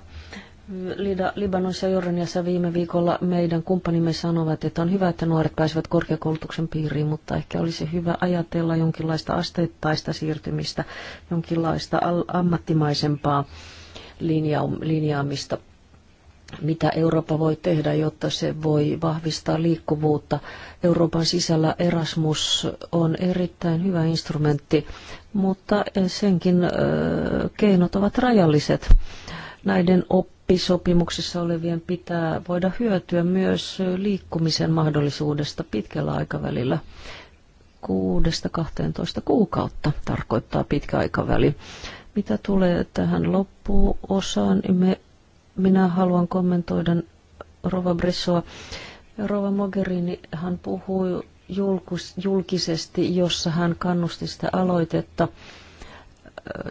Libanonissa ja Jordaniassa viime viikolla meidän kumppanimme sanovat, että on hyvä, että nuoret pääsevät korkeakoulutuksen piiriin, mutta ehkä olisi hyvä ajatella jonkinlaista asteittaista siirtymistä, jonkinlaista ammattimaisempaa linjaamista. Mitä Eurooppa voi tehdä, jotta se voi vahvistaa liikkuvuutta? Euroopan sisällä Erasmus on erittäin hyvä instrumentti, mutta senkin keinot ovat rajalliset näiden op- oppisopimuksessa olevien pitää voida hyötyä myös liikkumisen mahdollisuudesta pitkällä aikavälillä. 6-12 kuukautta tarkoittaa pitkä aikaväli. Mitä tulee tähän loppuosaan, niin me, minä haluan kommentoida Rova Bressoa. Rova Mogherini, hän puhui julkisesti, jossa hän kannusti sitä aloitetta –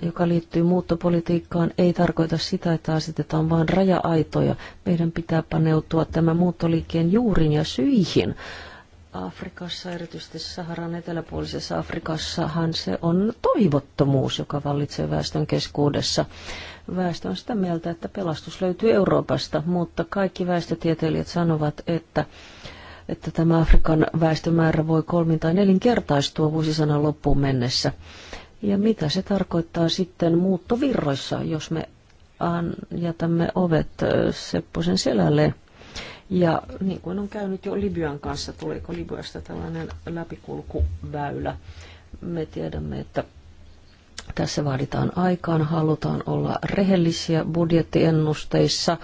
joka liittyy muuttopolitiikkaan, ei tarkoita sitä, että asetetaan vain raja-aitoja. Meidän pitää paneutua tämän muuttoliikkeen juurin ja syihin. Afrikassa, erityisesti Saharan eteläpuolisessa Afrikassahan se on toivottomuus, joka vallitsee väestön keskuudessa. Väestö on sitä mieltä, että pelastus löytyy Euroopasta, mutta kaikki väestötieteilijät sanovat, että että tämä Afrikan väestömäärä voi kolmin tai nelinkertaistua vuosisadan loppuun mennessä. Ja mitä se tarkoittaa sitten muuttovirroissa, jos me jätämme ovet Sepposen selälle? Ja niin kuin on käynyt jo Libyan kanssa, tuleeko Libyasta tällainen läpikulkuväylä? Me tiedämme, että tässä vaaditaan aikaan, halutaan olla rehellisiä budjettiennusteissa.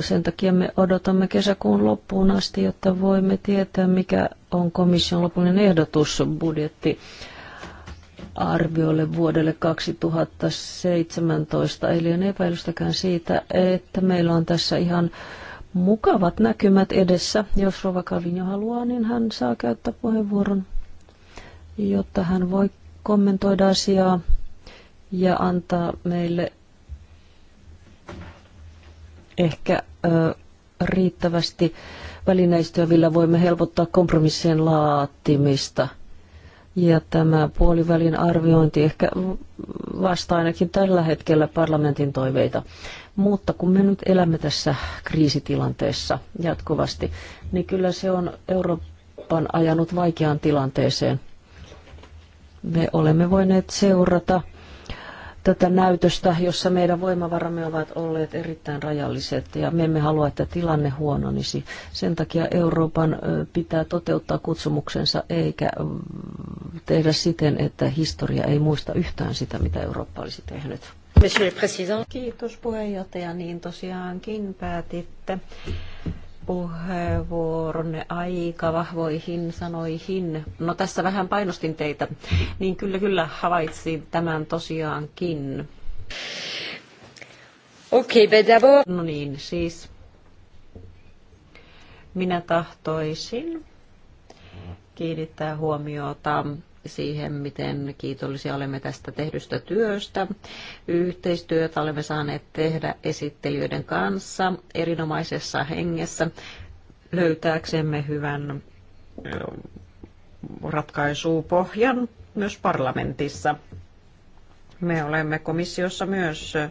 Sen takia me odotamme kesäkuun loppuun asti, jotta voimme tietää, mikä on komission lopullinen ehdotus budjetti arviolle vuodelle 2017. Eli on epäilystäkään siitä, että meillä on tässä ihan mukavat näkymät edessä. Jos Rova Calvin jo haluaa, niin hän saa käyttää puheenvuoron, jotta hän voi kommentoida asiaa ja antaa meille ehkä ö, riittävästi välineistöä, millä voimme helpottaa kompromissien laatimista – ja tämä puolivälin arviointi ehkä vastaa ainakin tällä hetkellä parlamentin toiveita. Mutta kun me nyt elämme tässä kriisitilanteessa jatkuvasti, niin kyllä se on Euroopan ajanut vaikeaan tilanteeseen. Me olemme voineet seurata tätä näytöstä, jossa meidän voimavaramme ovat olleet erittäin rajalliset ja me emme halua, että tilanne huononisi. Sen takia Euroopan pitää toteuttaa kutsumuksensa eikä tehdä siten, että historia ei muista yhtään sitä, mitä Eurooppa olisi tehnyt. Kiitos puheenjohtaja, niin tosiaankin päätitte puheenvuoronne aika vahvoihin sanoihin. No tässä vähän painostin teitä, niin kyllä kyllä havaitsin tämän tosiaankin. Okei, okay, No niin, siis minä tahtoisin kiinnittää huomiota siihen, miten kiitollisia olemme tästä tehdystä työstä. Yhteistyötä olemme saaneet tehdä esittelijöiden kanssa erinomaisessa hengessä löytääksemme hyvän eh, ratkaisupohjan myös parlamentissa. Me olemme komissiossa myös eh,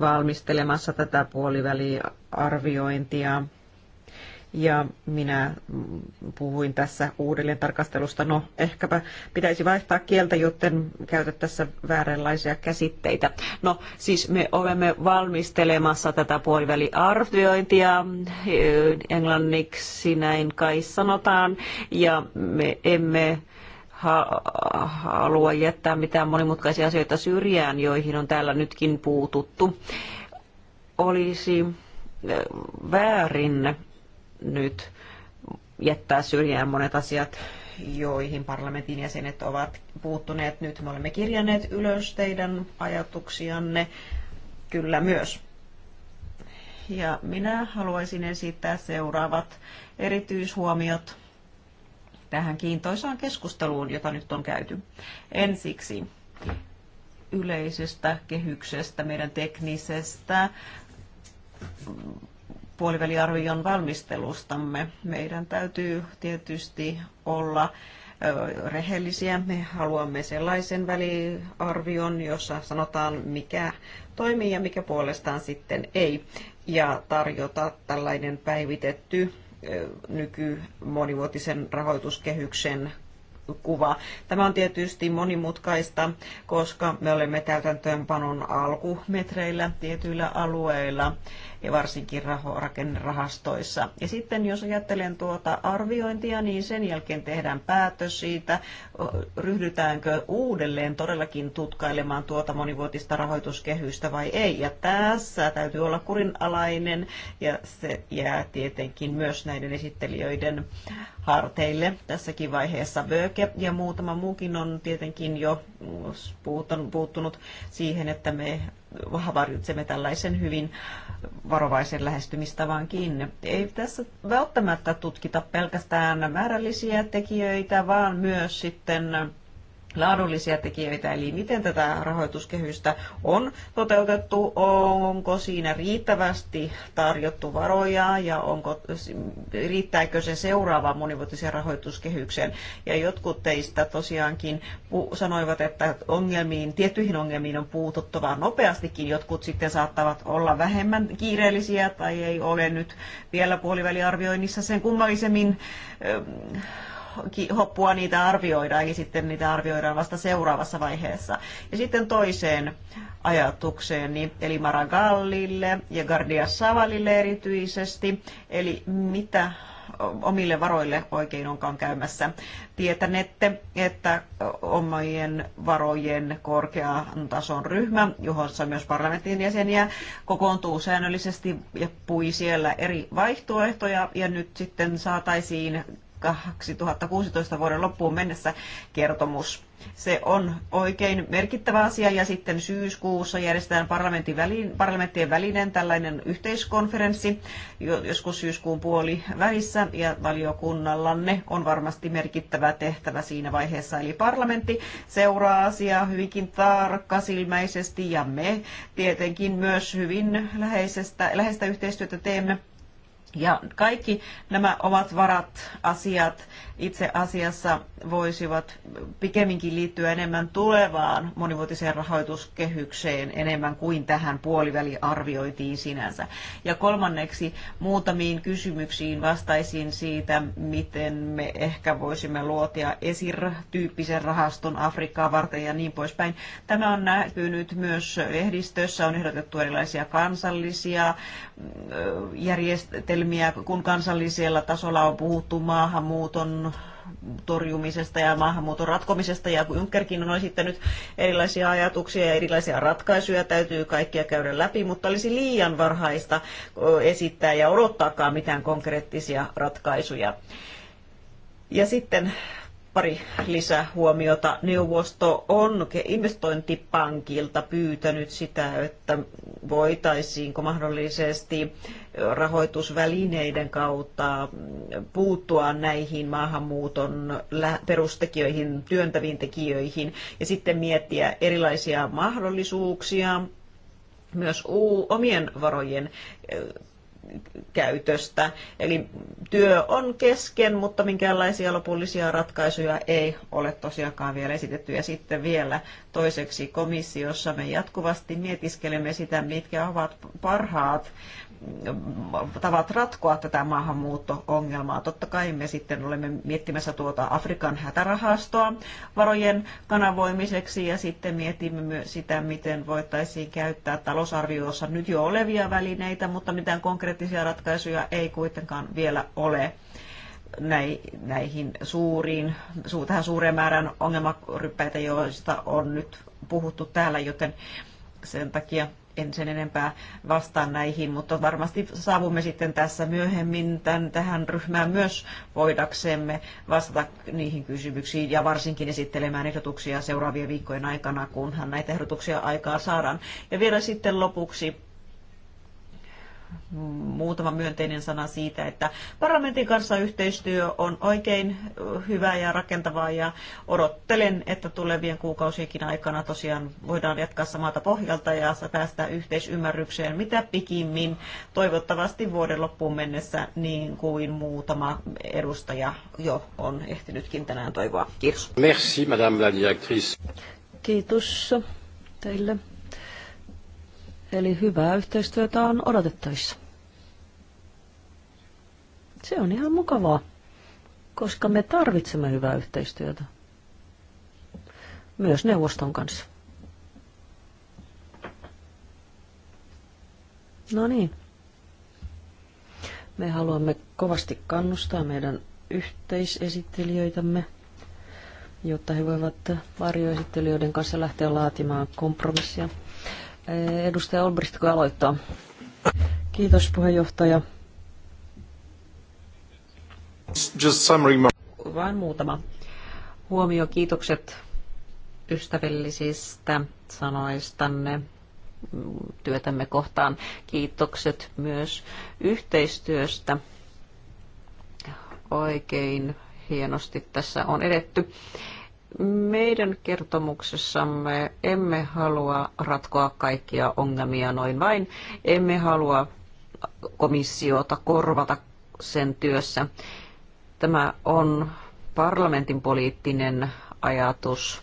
valmistelemassa tätä puoliväliarviointia ja minä puhuin tässä uudelleen tarkastelusta. No, ehkäpä pitäisi vaihtaa kieltä, joten käytä tässä vääränlaisia käsitteitä. No, siis me olemme valmistelemassa tätä puoliväliarviointia, eh, englanniksi näin kai sanotaan, ja me emme halua jättää mitään monimutkaisia asioita syrjään, joihin on täällä nytkin puututtu. Olisi eh, väärin nyt jättää syrjään monet asiat, joihin parlamentin jäsenet ovat puuttuneet. Nyt me olemme kirjanneet ylös teidän ajatuksianne kyllä myös. Ja minä haluaisin esittää seuraavat erityishuomiot tähän kiintoisaan keskusteluun, jota nyt on käyty. Ensiksi yleisestä kehyksestä, meidän teknisestä puoliväliarvion valmistelustamme. Meidän täytyy tietysti olla rehellisiä. Me haluamme sellaisen väliarvion, jossa sanotaan, mikä toimii ja mikä puolestaan sitten ei. Ja tarjota tällainen päivitetty nykymonivuotisen rahoituskehyksen kuva. Tämä on tietysti monimutkaista, koska me olemme täytäntöönpanon alkumetreillä tietyillä alueilla ja varsinkin raho, rakennerahastoissa. Ja sitten jos ajattelen tuota arviointia, niin sen jälkeen tehdään päätös siitä, ryhdytäänkö uudelleen todellakin tutkailemaan tuota monivuotista rahoituskehystä vai ei. Ja tässä täytyy olla kurinalainen ja se jää tietenkin myös näiden esittelijöiden harteille tässäkin vaiheessa. Böke ja muutama muukin on tietenkin jo puuttunut siihen, että me havaitsemme tällaisen hyvin varovaisen lähestymistavankin. Ei tässä välttämättä tutkita pelkästään määrällisiä tekijöitä, vaan myös sitten laadullisia tekijöitä, eli miten tätä rahoituskehystä on toteutettu, onko siinä riittävästi tarjottu varoja ja onko, riittääkö se seuraavaan monivuotisen rahoituskehykseen. Ja jotkut teistä tosiaankin sanoivat, että ongelmiin, tiettyihin ongelmiin on puututtava nopeastikin, jotkut sitten saattavat olla vähemmän kiireellisiä tai ei ole nyt vielä puoliväliarvioinnissa sen kummallisemmin hoppua niitä arvioidaan, ja sitten niitä arvioidaan vasta seuraavassa vaiheessa. Ja sitten toiseen ajatukseen, niin, eli Maragallille ja Gardia Savalille erityisesti, eli mitä omille varoille oikein onkaan käymässä. Tietänette, että omien varojen korkean tason ryhmä, saa myös parlamentin jäseniä, kokoontuu säännöllisesti ja pui siellä eri vaihtoehtoja, ja nyt sitten saataisiin 2016 vuoden loppuun mennessä kertomus. Se on oikein merkittävä asia ja sitten syyskuussa järjestetään parlamentin parlamenttien välinen tällainen yhteiskonferenssi joskus syyskuun puoli välissä ja valiokunnallanne on varmasti merkittävä tehtävä siinä vaiheessa. Eli parlamentti seuraa asiaa hyvinkin tarkkasilmäisesti ja me tietenkin myös hyvin läheisestä, läheistä yhteistyötä teemme ja kaikki nämä ovat varat, asiat itse asiassa voisivat pikemminkin liittyä enemmän tulevaan monivuotiseen rahoituskehykseen enemmän kuin tähän puoliväliarviointiin sinänsä. Ja kolmanneksi muutamiin kysymyksiin vastaisin siitä, miten me ehkä voisimme luotia esirtyyppisen rahaston Afrikkaa varten ja niin poispäin. Tämä on näkynyt myös ehdistössä, on ehdotettu erilaisia kansallisia mm, järjestelmiä, kun kansallisella tasolla on puhuttu maahanmuuton torjumisesta ja maahanmuuton ratkomisesta, ja kun Junckerkin on esittänyt erilaisia ajatuksia ja erilaisia ratkaisuja, täytyy kaikkia käydä läpi, mutta olisi liian varhaista esittää ja odottaakaan mitään konkreettisia ratkaisuja. Ja sitten pari lisähuomiota. Neuvosto on investointipankilta pyytänyt sitä, että voitaisiinko mahdollisesti rahoitusvälineiden kautta puuttua näihin maahanmuuton perustekijöihin, työntäviin tekijöihin ja sitten miettiä erilaisia mahdollisuuksia myös omien varojen käytöstä. Eli työ on kesken, mutta minkäänlaisia lopullisia ratkaisuja ei ole tosiaankaan vielä esitetty. Ja sitten vielä toiseksi komissiossa me jatkuvasti mietiskelemme sitä, mitkä ovat parhaat tavat ratkoa tätä maahanmuutto-ongelmaa. Totta kai me sitten olemme miettimässä tuota Afrikan hätärahastoa varojen kanavoimiseksi ja sitten mietimme myös sitä, miten voitaisiin käyttää talousarviossa nyt jo olevia välineitä, mutta mitään konkreettisia ratkaisuja ei kuitenkaan vielä ole näihin suuriin, tähän suureen määrään ongelmaryppäitä, joista on nyt puhuttu täällä, joten sen takia en sen enempää vastaa näihin, mutta varmasti saavumme sitten tässä myöhemmin tämän, tähän ryhmään myös voidaksemme vastata niihin kysymyksiin ja varsinkin esittelemään ehdotuksia seuraavien viikkojen aikana, kunhan näitä ehdotuksia aikaa saadaan. Ja vielä sitten lopuksi muutama myönteinen sana siitä, että parlamentin kanssa yhteistyö on oikein hyvää ja rakentavaa ja odottelen, että tulevien kuukausienkin aikana tosiaan voidaan jatkaa samalta pohjalta ja päästä yhteisymmärrykseen mitä pikimmin, toivottavasti vuoden loppuun mennessä niin kuin muutama edustaja jo on ehtinytkin tänään toivoa. Kiitos. Merci, madame la directrice. Kiitos teille. Eli hyvää yhteistyötä on odotettavissa. Se on ihan mukavaa, koska me tarvitsemme hyvää yhteistyötä. Myös neuvoston kanssa. No niin. Me haluamme kovasti kannustaa meidän yhteisesittelijöitämme, jotta he voivat varjoesittelijöiden kanssa lähteä laatimaan kompromissia. Edustaja kun aloittaa. Kiitos puheenjohtaja. Just some Vain muutama huomio. Kiitokset ystävällisistä sanoistanne työtämme kohtaan. Kiitokset myös yhteistyöstä. Oikein hienosti tässä on edetty. Meidän kertomuksessamme emme halua ratkoa kaikkia ongelmia noin vain. Emme halua komissiota korvata sen työssä. Tämä on parlamentin poliittinen ajatus.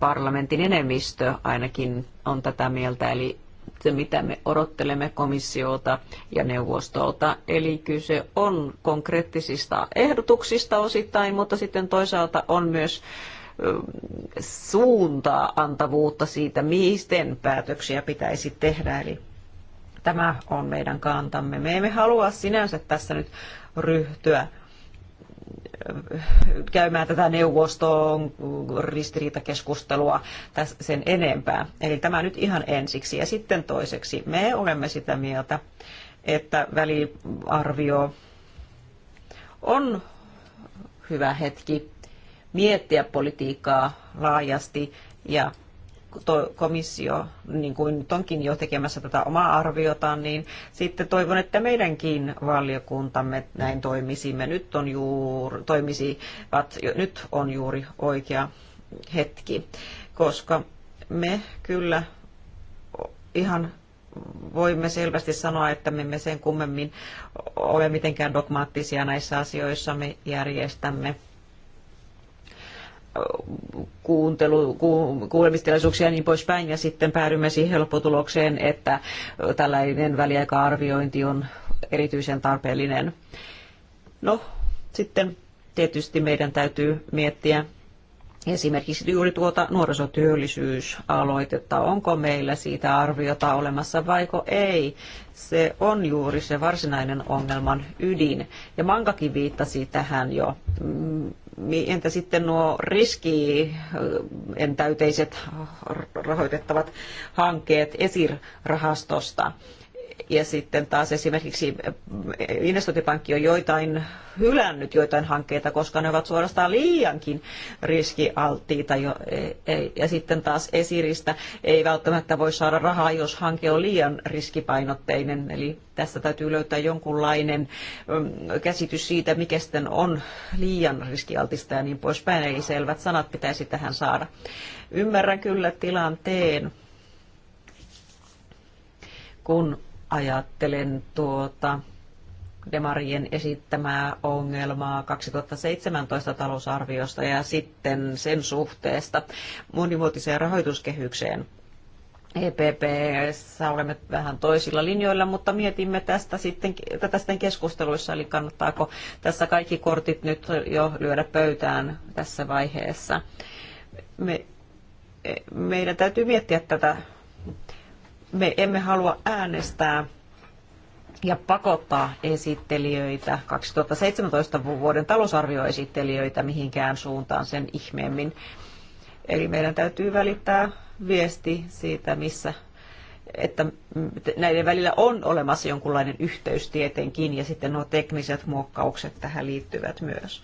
Parlamentin enemmistö ainakin on tätä mieltä, eli se mitä me odottelemme komissiolta ja neuvostolta. Eli kyse on konkreettisista ehdotuksista osittain, mutta sitten toisaalta on myös suuntaa antavuutta siitä, miisten päätöksiä pitäisi tehdä. Eli tämä on meidän kantamme. Me emme halua sinänsä tässä nyt ryhtyä käymään tätä neuvoston ristiriitakeskustelua tässä sen enempää. Eli tämä nyt ihan ensiksi. Ja sitten toiseksi, me olemme sitä mieltä, että väliarvio on hyvä hetki miettiä politiikkaa laajasti ja komissio, niin kuin nyt onkin jo tekemässä tätä omaa arviotaan, niin sitten toivon, että meidänkin valiokuntamme näin toimisimme. Nyt on juuri, toimisi, nyt on juuri oikea hetki, koska me kyllä ihan voimme selvästi sanoa, että me emme sen kummemmin ole mitenkään dogmaattisia näissä asioissa, me järjestämme kuuntelu, ku, kuulemistilaisuuksia ja niin poispäin, ja sitten päädymme siihen lopputulokseen, että tällainen väliaika-arviointi on erityisen tarpeellinen. No, sitten tietysti meidän täytyy miettiä esimerkiksi juuri tuota nuorisotyöllisyysaloitetta, onko meillä siitä arviota olemassa vaiko ei. Se on juuri se varsinainen ongelman ydin. Ja Mankakin viittasi tähän jo. Mm, niin, entä sitten nuo riski täyteiset rahoitettavat hankkeet ESIR-rahastosta? Ja sitten taas esimerkiksi eh, investointipankki on joitain hylännyt joitain hankkeita, koska ne ovat suorastaan liiankin riskialttiita. E, e, ja sitten taas esiristä ei välttämättä voi saada rahaa, jos hanke on liian riskipainotteinen. Eli tässä täytyy löytää jonkunlainen mm, käsitys siitä, mikä sitten on liian riskialtista ja niin poispäin. Eli selvät sanat pitäisi tähän saada. Ymmärrän kyllä tilanteen kun ajattelen tuota Demarien esittämää ongelmaa 2017 talousarviosta ja sitten sen suhteesta monimuotiseen rahoituskehykseen. EPPssä olemme vähän toisilla linjoilla, mutta mietimme tästä sitten, tätä sitten keskusteluissa, eli kannattaako tässä kaikki kortit nyt jo lyödä pöytään tässä vaiheessa. Me, meidän täytyy miettiä tätä me emme halua äänestää ja pakottaa esittelijöitä, 2017 vuoden talousarvioesittelijöitä mihinkään suuntaan sen ihmeemmin. Eli meidän täytyy välittää viesti siitä, missä että näiden välillä on olemassa jonkunlainen yhteys tietenkin, ja sitten nuo tekniset muokkaukset tähän liittyvät myös.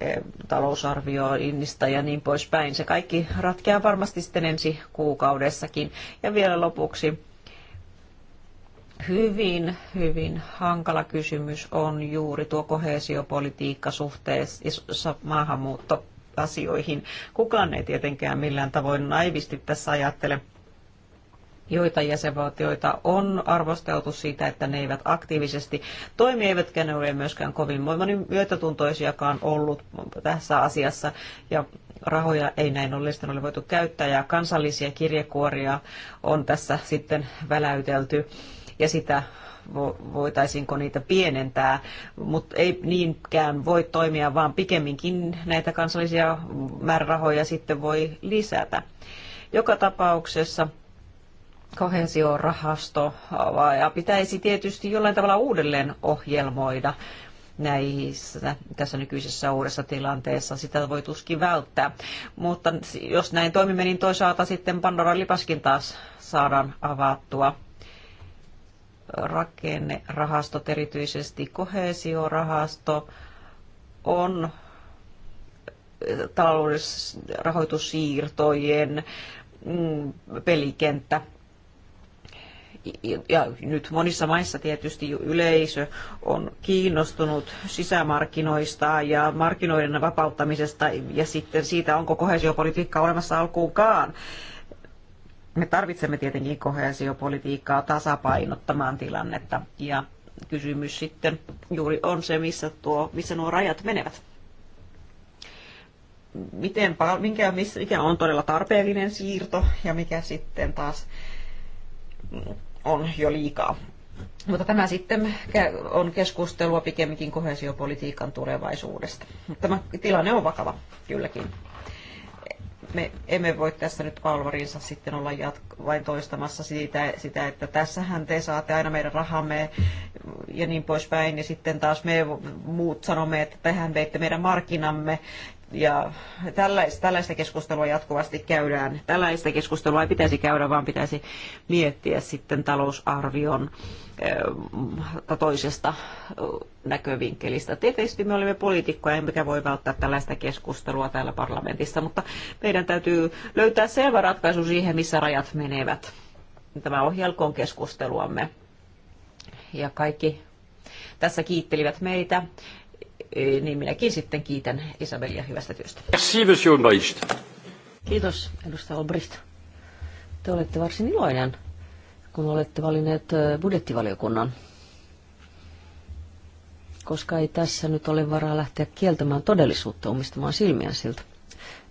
Eh, talousarvioinnista ja niin poispäin. Se kaikki ratkeaa varmasti sitten ensi kuukaudessakin. Ja vielä lopuksi hyvin, hyvin hankala kysymys on juuri tuo kohesiopolitiikka suhteessa maahanmuuttoasioihin. Kukaan ei tietenkään millään tavoin naivisti tässä ajattele joita jäsenvaltioita on arvosteltu siitä, että ne eivät aktiivisesti toimi, eivätkä ne ole myöskään kovin myötätuntoisiakaan ollut tässä asiassa. Ja rahoja ei näin ollen ole voitu käyttää ja kansallisia kirjekuoria on tässä sitten väläytelty ja sitä voitaisiinko niitä pienentää, mutta ei niinkään voi toimia, vaan pikemminkin näitä kansallisia määrärahoja sitten voi lisätä. Joka tapauksessa kohesiorahasto ja pitäisi tietysti jollain tavalla uudelleen ohjelmoida näissä, tässä nykyisessä uudessa tilanteessa. Sitä voi tuskin välttää. Mutta jos näin toimimme, niin toisaalta sitten Pandoran lipaskin taas saadaan avattua. Rakennerahastot, erityisesti kohesiorahasto, on taloudellisrahoitussiirtojen rahoitussiirtojen mm, pelikenttä ja nyt monissa maissa tietysti yleisö on kiinnostunut sisämarkkinoista ja markkinoiden vapauttamisesta ja sitten siitä, onko kohesiopolitiikka olemassa alkuunkaan. Me tarvitsemme tietenkin kohesiopolitiikkaa tasapainottamaan tilannetta ja kysymys sitten juuri on se, missä, tuo, missä nuo rajat menevät miten, minkä, mikä on todella tarpeellinen siirto ja mikä sitten taas on jo liikaa. Mutta tämä sitten on keskustelua pikemminkin kohesiopolitiikan tulevaisuudesta. Tämä tilanne on vakava, kylläkin. Me emme voi tässä nyt palvarinsa sitten olla jatk- vain toistamassa siitä, sitä, että tässähän te saatte aina meidän rahamme ja niin poispäin. Ja sitten taas me muut sanomme, että tähän veitte meidän markkinamme ja tällaista, tällaista keskustelua jatkuvasti käydään. Tällaista keskustelua ei pitäisi käydä, vaan pitäisi miettiä sitten talousarvion äh, toisesta äh, näkövinkkelistä. Tietysti me olemme poliitikkoja, emmekä voi välttää tällaista keskustelua täällä parlamentissa, mutta meidän täytyy löytää selvä ratkaisu siihen, missä rajat menevät. Tämä ohjelkoon keskusteluamme. Ja kaikki tässä kiittelivät meitä niin minäkin sitten kiitän Isabelia hyvästä työstä. Kiitos, edustaja Obrist. Te olette varsin iloinen, kun olette valinneet budjettivaliokunnan koska ei tässä nyt ole varaa lähteä kieltämään todellisuutta omistamaan silmiään siltä.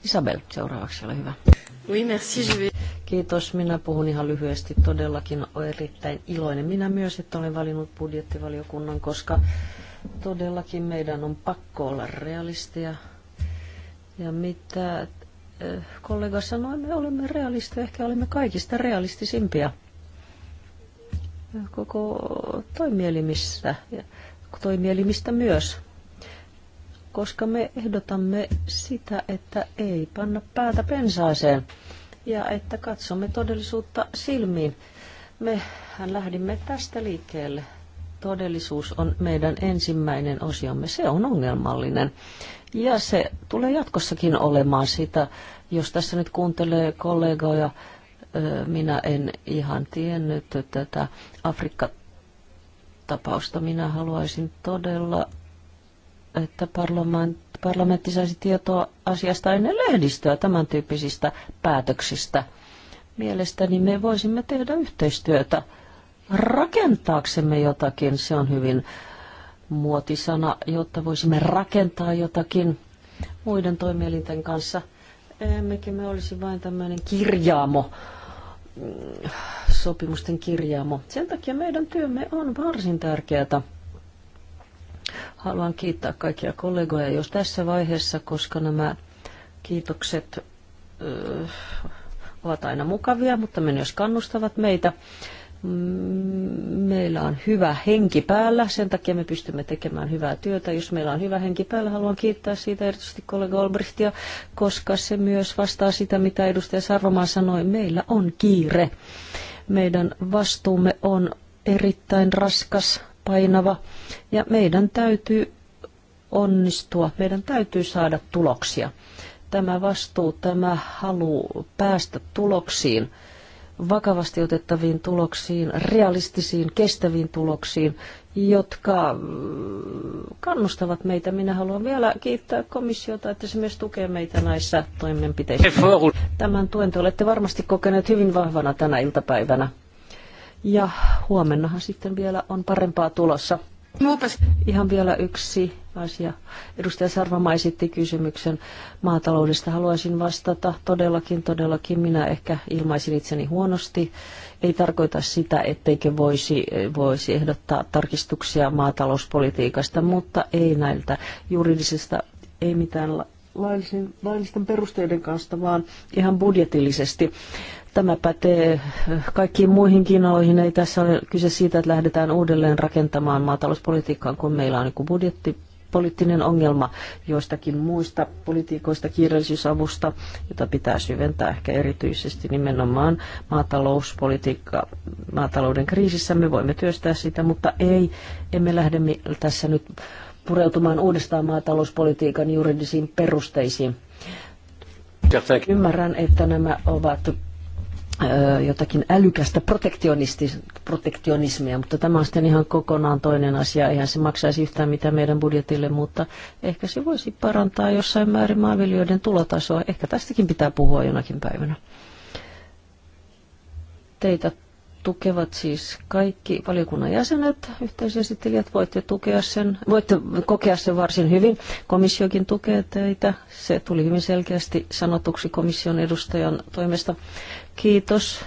Isabel, seuraavaksi ole hyvä. Oui, merci, je vais. Kiitos, minä puhun ihan lyhyesti. Todellakin olen erittäin iloinen minä myös, että olen valinnut budjettivaliokunnan, koska Todellakin meidän on pakko olla realisteja. Ja mitä eh, kollega sanoi, me olemme realisteja, ehkä olemme kaikista realistisimpia koko toimielimissä, toimielimistä myös, koska me ehdotamme sitä, että ei panna päätä pensaaseen ja että katsomme todellisuutta silmiin. Mehän lähdimme tästä liikkeelle todellisuus on meidän ensimmäinen osiomme. Se on ongelmallinen. Ja se tulee jatkossakin olemaan sitä, jos tässä nyt kuuntelee kollegoja, minä en ihan tiennyt tätä Afrikka-tapausta. Minä haluaisin todella, että parlamentti saisi tietoa asiasta ennen lehdistöä tämän tyyppisistä päätöksistä. Mielestäni me voisimme tehdä yhteistyötä rakentaaksemme jotakin. Se on hyvin muotisana, jotta voisimme rakentaa jotakin muiden toimielinten kanssa. Emmekin me olisi vain tämmöinen kirjaamo, sopimusten kirjaamo. Sen takia meidän työmme on varsin tärkeää. Haluan kiittää kaikkia kollegoja, jos tässä vaiheessa, koska nämä kiitokset ö, ovat aina mukavia, mutta myös kannustavat meitä Mm, meillä on hyvä henki päällä, sen takia me pystymme tekemään hyvää työtä. Jos meillä on hyvä henki päällä, haluan kiittää siitä erityisesti kollega Olbrichtia, koska se myös vastaa sitä, mitä edustaja Sarvomaa sanoi. Meillä on kiire. Meidän vastuumme on erittäin raskas, painava ja meidän täytyy onnistua, meidän täytyy saada tuloksia. Tämä vastuu, tämä halu päästä tuloksiin – vakavasti otettaviin tuloksiin, realistisiin, kestäviin tuloksiin, jotka mm, kannustavat meitä. Minä haluan vielä kiittää komissiota, että se myös tukee meitä näissä toimenpiteissä. Tämän tuen te olette varmasti kokeneet hyvin vahvana tänä iltapäivänä. Ja huomennahan sitten vielä on parempaa tulossa. Ihan vielä yksi asia. Edustaja Sarvama esitti kysymyksen maataloudesta. Haluaisin vastata. Todellakin, todellakin minä ehkä ilmaisin itseni huonosti. Ei tarkoita sitä, etteikö voisi, voisi ehdottaa tarkistuksia maatalouspolitiikasta, mutta ei näiltä juridisesta, ei mitään laillisen, laillisten perusteiden kanssa, vaan ihan budjetillisesti. Tämä pätee kaikkiin muihinkin aloihin. Ei tässä ole kyse siitä, että lähdetään uudelleen rakentamaan maatalouspolitiikkaan, kun meillä on niin budjetti poliittinen ongelma joistakin muista politiikoista, kiireellisyysavusta, jota pitää syventää ehkä erityisesti nimenomaan maatalouspolitiikka, maatalouden kriisissä. Me voimme työstää sitä, mutta ei, emme lähde tässä nyt pureutumaan uudestaan maatalouspolitiikan juridisiin perusteisiin. Ymmärrän, että nämä ovat jotakin älykästä protektionismia, mutta tämä on sitten ihan kokonaan toinen asia. Eihän se maksaisi yhtään mitään meidän budjetille, mutta ehkä se voisi parantaa jossain määrin maanviljelijöiden tulotasoa. Ehkä tästäkin pitää puhua jonakin päivänä. Teitä tukevat siis kaikki valiokunnan jäsenet, yhteisesittelijät, voitte, tukea sen, voitte kokea sen varsin hyvin. Komissiokin tukee teitä, se tuli hyvin selkeästi sanotuksi komission edustajan toimesta. Kiitos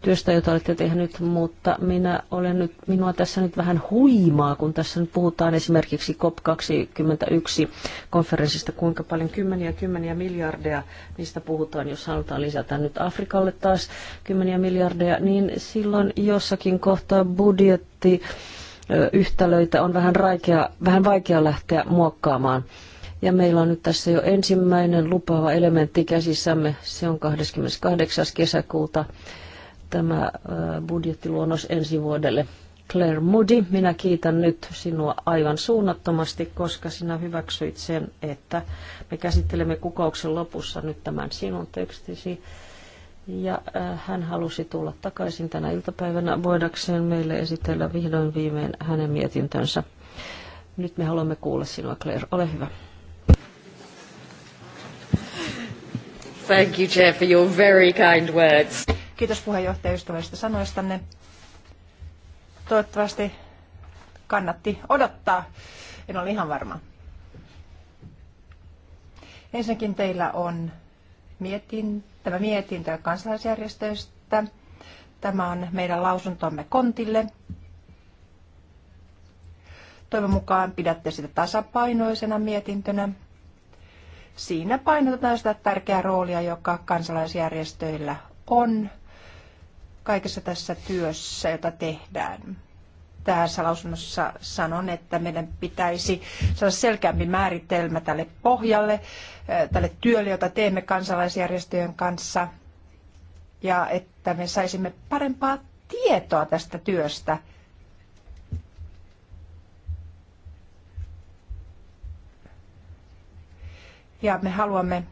työstä, jota olette tehnyt, mutta minä olen nyt, minua tässä nyt vähän huimaa, kun tässä nyt puhutaan esimerkiksi COP21 konferenssista, kuinka paljon kymmeniä kymmeniä miljardeja niistä puhutaan, jos halutaan lisätä nyt Afrikalle taas kymmeniä miljardeja, niin silloin jossakin kohtaa budjetti yhtälöitä on vähän, raikea, vähän vaikea lähteä muokkaamaan ja meillä on nyt tässä jo ensimmäinen lupaava elementti käsissämme. Se on 28. kesäkuuta tämä budjettiluonnos ensi vuodelle. Claire Moody, minä kiitän nyt sinua aivan suunnattomasti, koska sinä hyväksyit sen, että me käsittelemme kukauksen lopussa nyt tämän sinun tekstisi. Ja hän halusi tulla takaisin tänä iltapäivänä voidakseen meille esitellä vihdoin viimein hänen mietintönsä. Nyt me haluamme kuulla sinua, Claire. Ole hyvä. Thank you, Chair, for your very kind words. Kiitos puheenjohtaja ystävällisistä sanoistanne. Toivottavasti kannatti odottaa. En ole ihan varma. Ensinnäkin teillä on mietin, tämä mietintö kansalaisjärjestöistä. Tämä on meidän lausuntomme kontille. Toivon mukaan pidätte sitä tasapainoisena mietintönä siinä painotetaan sitä tärkeää roolia, joka kansalaisjärjestöillä on kaikessa tässä työssä, jota tehdään. Tässä lausunnossa sanon, että meidän pitäisi saada selkeämpi määritelmä tälle pohjalle, eh, tälle työlle, jota teemme kansalaisjärjestöjen kanssa, ja että me saisimme parempaa tietoa tästä työstä – ja me haluamme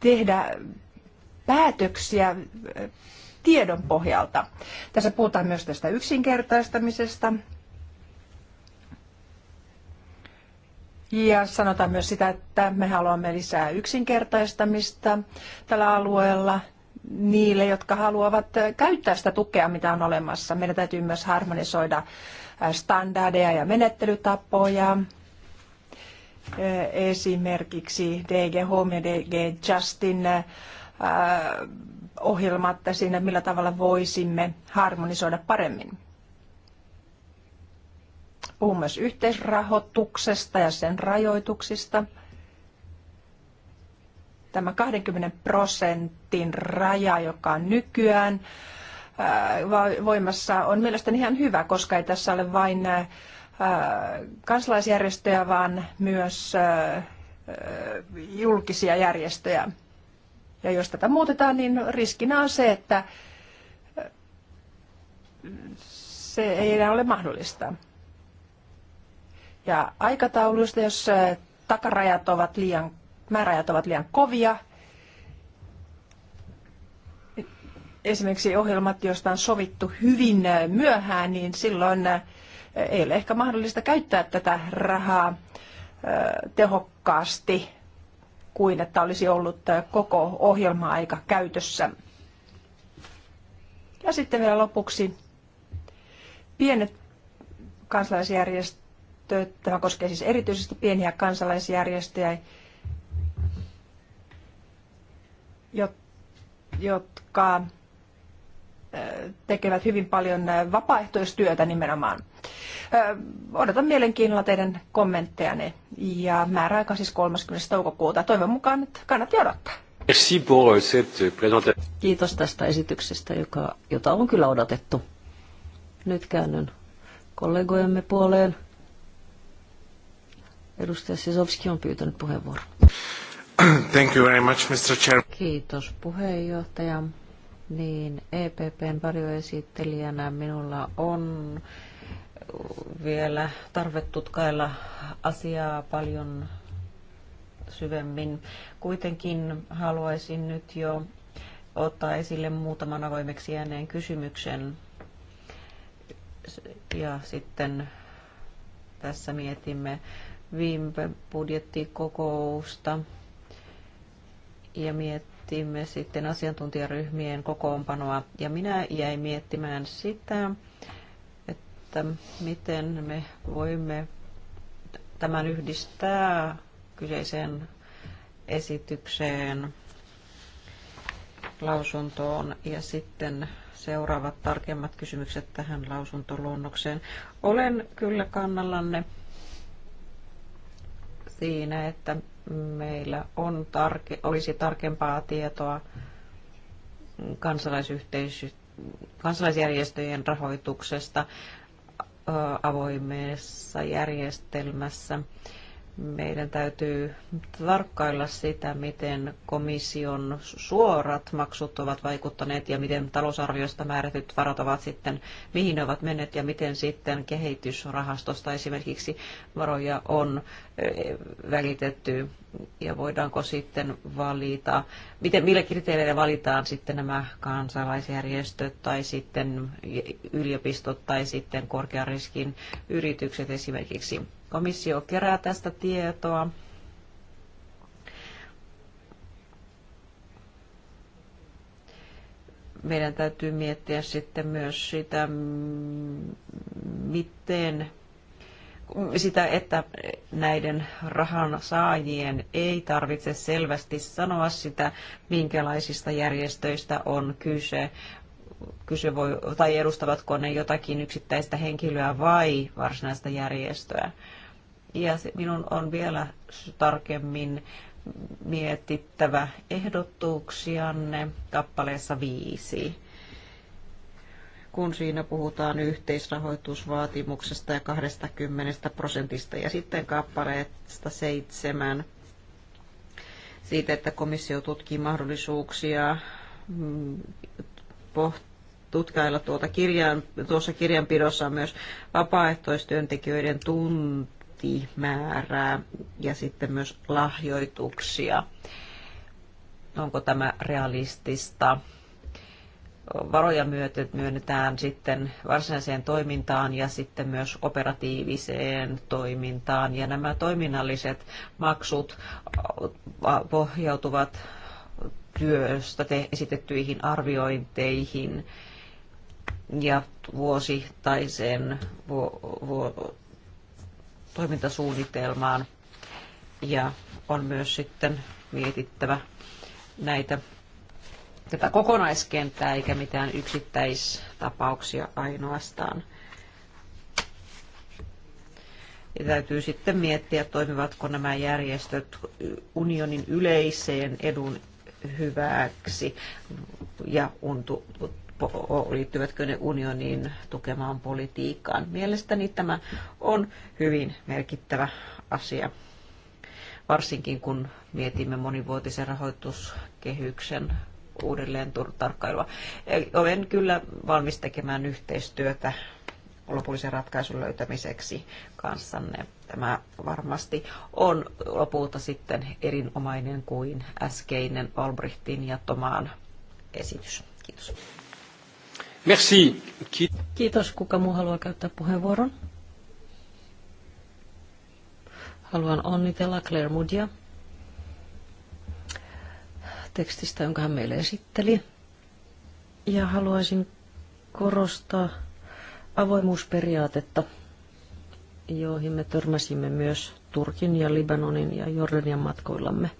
tehdä päätöksiä tiedon pohjalta. Tässä puhutaan myös tästä yksinkertaistamisesta. Ja sanotaan myös sitä, että me haluamme lisää yksinkertaistamista tällä alueella niille, jotka haluavat käyttää sitä tukea, mitä on olemassa. Meidän täytyy myös harmonisoida standardeja ja menettelytapoja Eh, esimerkiksi DG Home ja DG Justin eh, ohjelmat siinä, millä tavalla voisimme harmonisoida paremmin. Puhun myös yhteisrahoituksesta ja sen rajoituksista. Tämä 20 prosentin raja, joka on nykyään eh, voimassa, on mielestäni ihan hyvä, koska ei tässä ole vain kansalaisjärjestöjä, vaan myös julkisia järjestöjä. Ja jos tätä muutetaan, niin riskinä on se, että se ei enää ole mahdollista. Ja aikatauluista, jos takarajat ovat liian, määräajat ovat liian kovia, esimerkiksi ohjelmat, joista on sovittu hyvin myöhään, niin silloin ei ole ehkä mahdollista käyttää tätä rahaa tehokkaasti kuin että olisi ollut koko ohjelma-aika käytössä. Ja sitten vielä lopuksi pienet kansalaisjärjestöt, tämä koskee siis erityisesti pieniä kansalaisjärjestöjä, jotka tekevät hyvin paljon äh, vapaaehtoistyötä nimenomaan. Äh, odotan mielenkiinnolla teidän kommenttejanne ja määräaika siis 30. toukokuuta. Toivon mukaan, että kannatti odottaa. Euh, Kiitos tästä esityksestä, joka, jota on kyllä odotettu. Nyt käännyn kollegojemme puoleen. Edustaja Sisovski on pyytänyt puheenvuoron. Thank you very much, Mr. Chair. Kiitos puheenjohtaja niin EPPn varjoesittelijänä minulla on vielä tarve tutkailla asiaa paljon syvemmin. Kuitenkin haluaisin nyt jo ottaa esille muutaman avoimeksi jääneen kysymyksen. Ja sitten tässä mietimme viime budjettikokousta ja miettiä mietimme sitten asiantuntijaryhmien kokoonpanoa ja minä jäin miettimään sitä, että miten me voimme tämän yhdistää kyseiseen esitykseen, lausuntoon ja sitten seuraavat tarkemmat kysymykset tähän lausuntoluonnokseen. Olen kyllä kannallanne siinä, että meillä on tarke, olisi tarkempaa tietoa kansalaisjärjestöjen rahoituksesta avoimessa järjestelmässä meidän täytyy tarkkailla sitä, miten komission suorat maksut ovat vaikuttaneet ja miten talousarviosta määrätyt varat ovat sitten, mihin ne ovat menneet ja miten sitten kehitysrahastosta esimerkiksi varoja on e, välitetty ja voidaanko sitten valita, miten, millä kriteereillä valitaan sitten nämä kansalaisjärjestöt tai sitten yliopistot tai sitten korkeariskin yritykset esimerkiksi Komissio kerää tästä tietoa. Meidän täytyy miettiä sitten myös sitä, miten sitä, että näiden rahan saajien ei tarvitse selvästi sanoa sitä, minkälaisista järjestöistä on kyse, kyse voi, tai edustavatko ne jotakin yksittäistä henkilöä vai varsinaista järjestöä. Ja minun on vielä tarkemmin mietittävä ehdotuksianne kappaleessa viisi kun siinä puhutaan yhteisrahoitusvaatimuksesta ja 20 prosentista. Ja sitten kappaleesta seitsemän siitä, että komissio tutkii mahdollisuuksia mm, tutkailla tuota kirjan, tuossa kirjanpidossa on myös vapaaehtoistyöntekijöiden tun prosenttimäärää ja sitten myös lahjoituksia. Onko tämä realistista? Varoja myöten myönnetään sitten varsinaiseen toimintaan ja sitten myös operatiiviseen toimintaan. Ja nämä toiminnalliset maksut pohjautuvat työstä te esitettyihin arviointeihin ja vuosittaisen vu- vu- toimintasuunnitelmaan. Ja on myös sitten mietittävä näitä tätä kokonaiskenttää eikä mitään yksittäistapauksia ainoastaan. Ja täytyy sitten miettiä, toimivatko nämä järjestöt unionin yleiseen edun hyväksi ja liittyvätkö ne unionin tukemaan politiikkaan. Mielestäni tämä on hyvin merkittävä asia, varsinkin kun mietimme monivuotisen rahoituskehyksen uudelleen tarkkailua. Olen kyllä valmis tekemään yhteistyötä lopullisen ratkaisun löytämiseksi kanssanne. Tämä varmasti on lopulta sitten erinomainen kuin äskeinen Albrechtin ja Tomaan esitys. Kiitos. Merci. Kiitos. Kuka muu haluaa käyttää puheenvuoron? Haluan onnitella Claire Mudia tekstistä, jonka hän meille esitteli. Ja haluaisin korostaa avoimuusperiaatetta, joihin me törmäsimme myös Turkin ja Libanonin ja Jordanian matkoillamme.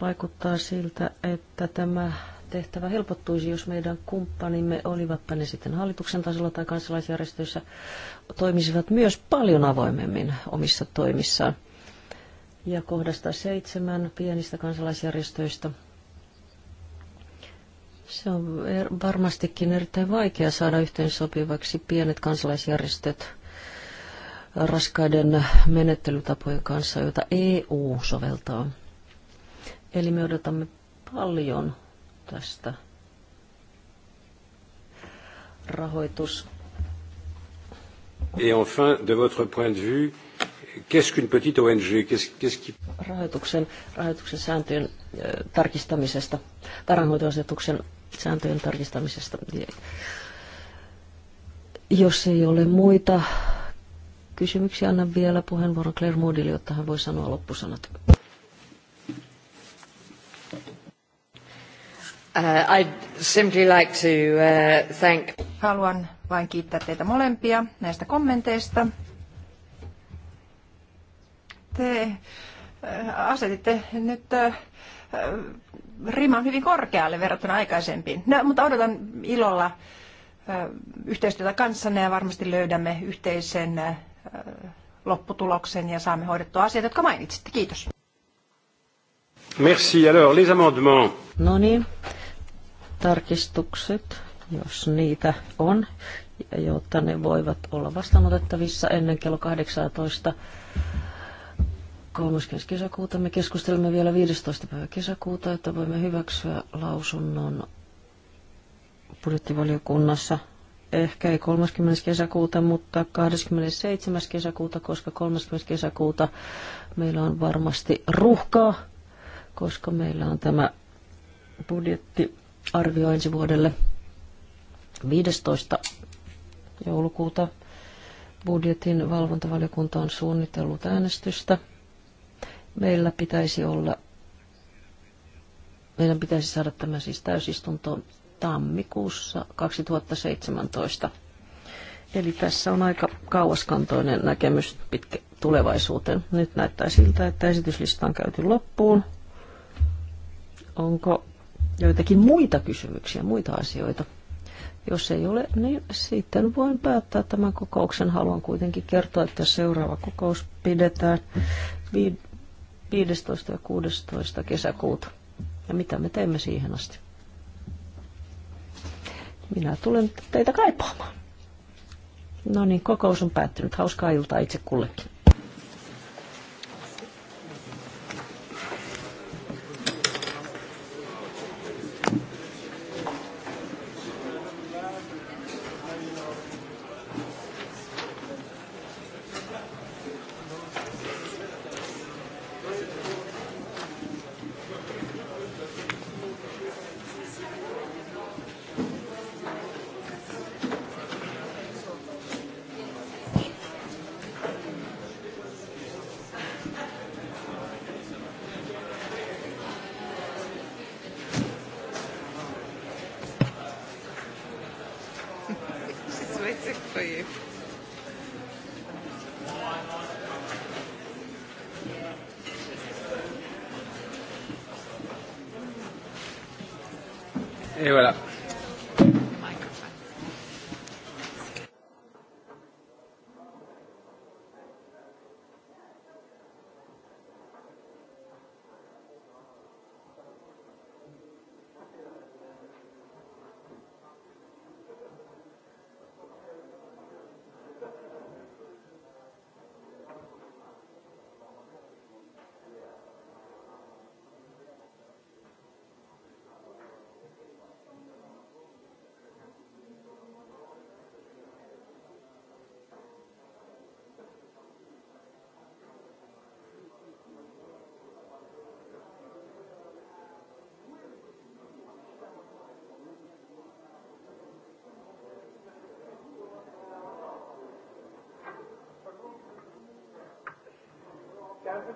Vaikuttaa siltä, että tämä tehtävä helpottuisi, jos meidän kumppanimme, olivatpa ne sitten hallituksen tasolla tai kansalaisjärjestöissä, toimisivat myös paljon avoimemmin omissa toimissaan. Ja kohdasta seitsemän pienistä kansalaisjärjestöistä. Se on er- varmastikin erittäin vaikea saada yhteen sopivaksi pienet kansalaisjärjestöt raskaiden menettelytapojen kanssa, joita EU soveltaa. Eli me odotamme paljon tästä rahoitus. Et enfin, de votre point de vue, qu'est-ce qu'une petite ONG qu'est-ce, qu'est-ce qui... rahoituksen, rahoituksen sääntöjen äh, tarkistamisesta, varainhoitoasetuksen sääntöjen tarkistamisesta. Jos ei ole muita kysymyksiä, annan vielä puheenvuoron Claire Moodille, jotta hän voi sanoa loppusanat. Uh, I'd simply like to uh, thank... Haluan vain kiittää teitä molempia näistä kommenteista. Te uh, asetitte nyt riman hyvin korkealle verrattuna aikaisempiin. No, mutta odotan ilolla yhteistyötä kanssanne ja varmasti löydämme yhteisen lopputuloksen ja saamme hoidettua asiat, jotka mainitsitte. Kiitos. Merci. Alors, les amendements. No niin tarkistukset, jos niitä on, jotta ne voivat olla vastaanotettavissa ennen kello 18. 30. kesäkuuta. Me keskustelemme vielä 15. päivä kesäkuuta, että voimme hyväksyä lausunnon budjettivaliokunnassa. Ehkä ei 30. kesäkuuta, mutta 27. kesäkuuta, koska 30. kesäkuuta meillä on varmasti ruuhkaa, koska meillä on tämä budjetti arvio ensi vuodelle 15. joulukuuta. Budjetin valvontavaliokunta on suunnitellut äänestystä. Meillä pitäisi olla, meidän pitäisi saada tämä siis täysistuntoon tammikuussa 2017. Eli tässä on aika kauaskantoinen näkemys pitkä tulevaisuuteen. Nyt näyttää siltä, että esityslista on käyty loppuun. Onko joitakin muita kysymyksiä, muita asioita. Jos ei ole, niin sitten voin päättää tämän kokouksen. Haluan kuitenkin kertoa, että seuraava kokous pidetään 15. ja 16. kesäkuuta. Ja mitä me teemme siihen asti? Minä tulen teitä kaipaamaan. No niin, kokous on päättynyt. Hauskaa iltaa itse kullekin.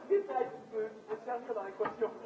Est-ce que ça a un peu de servir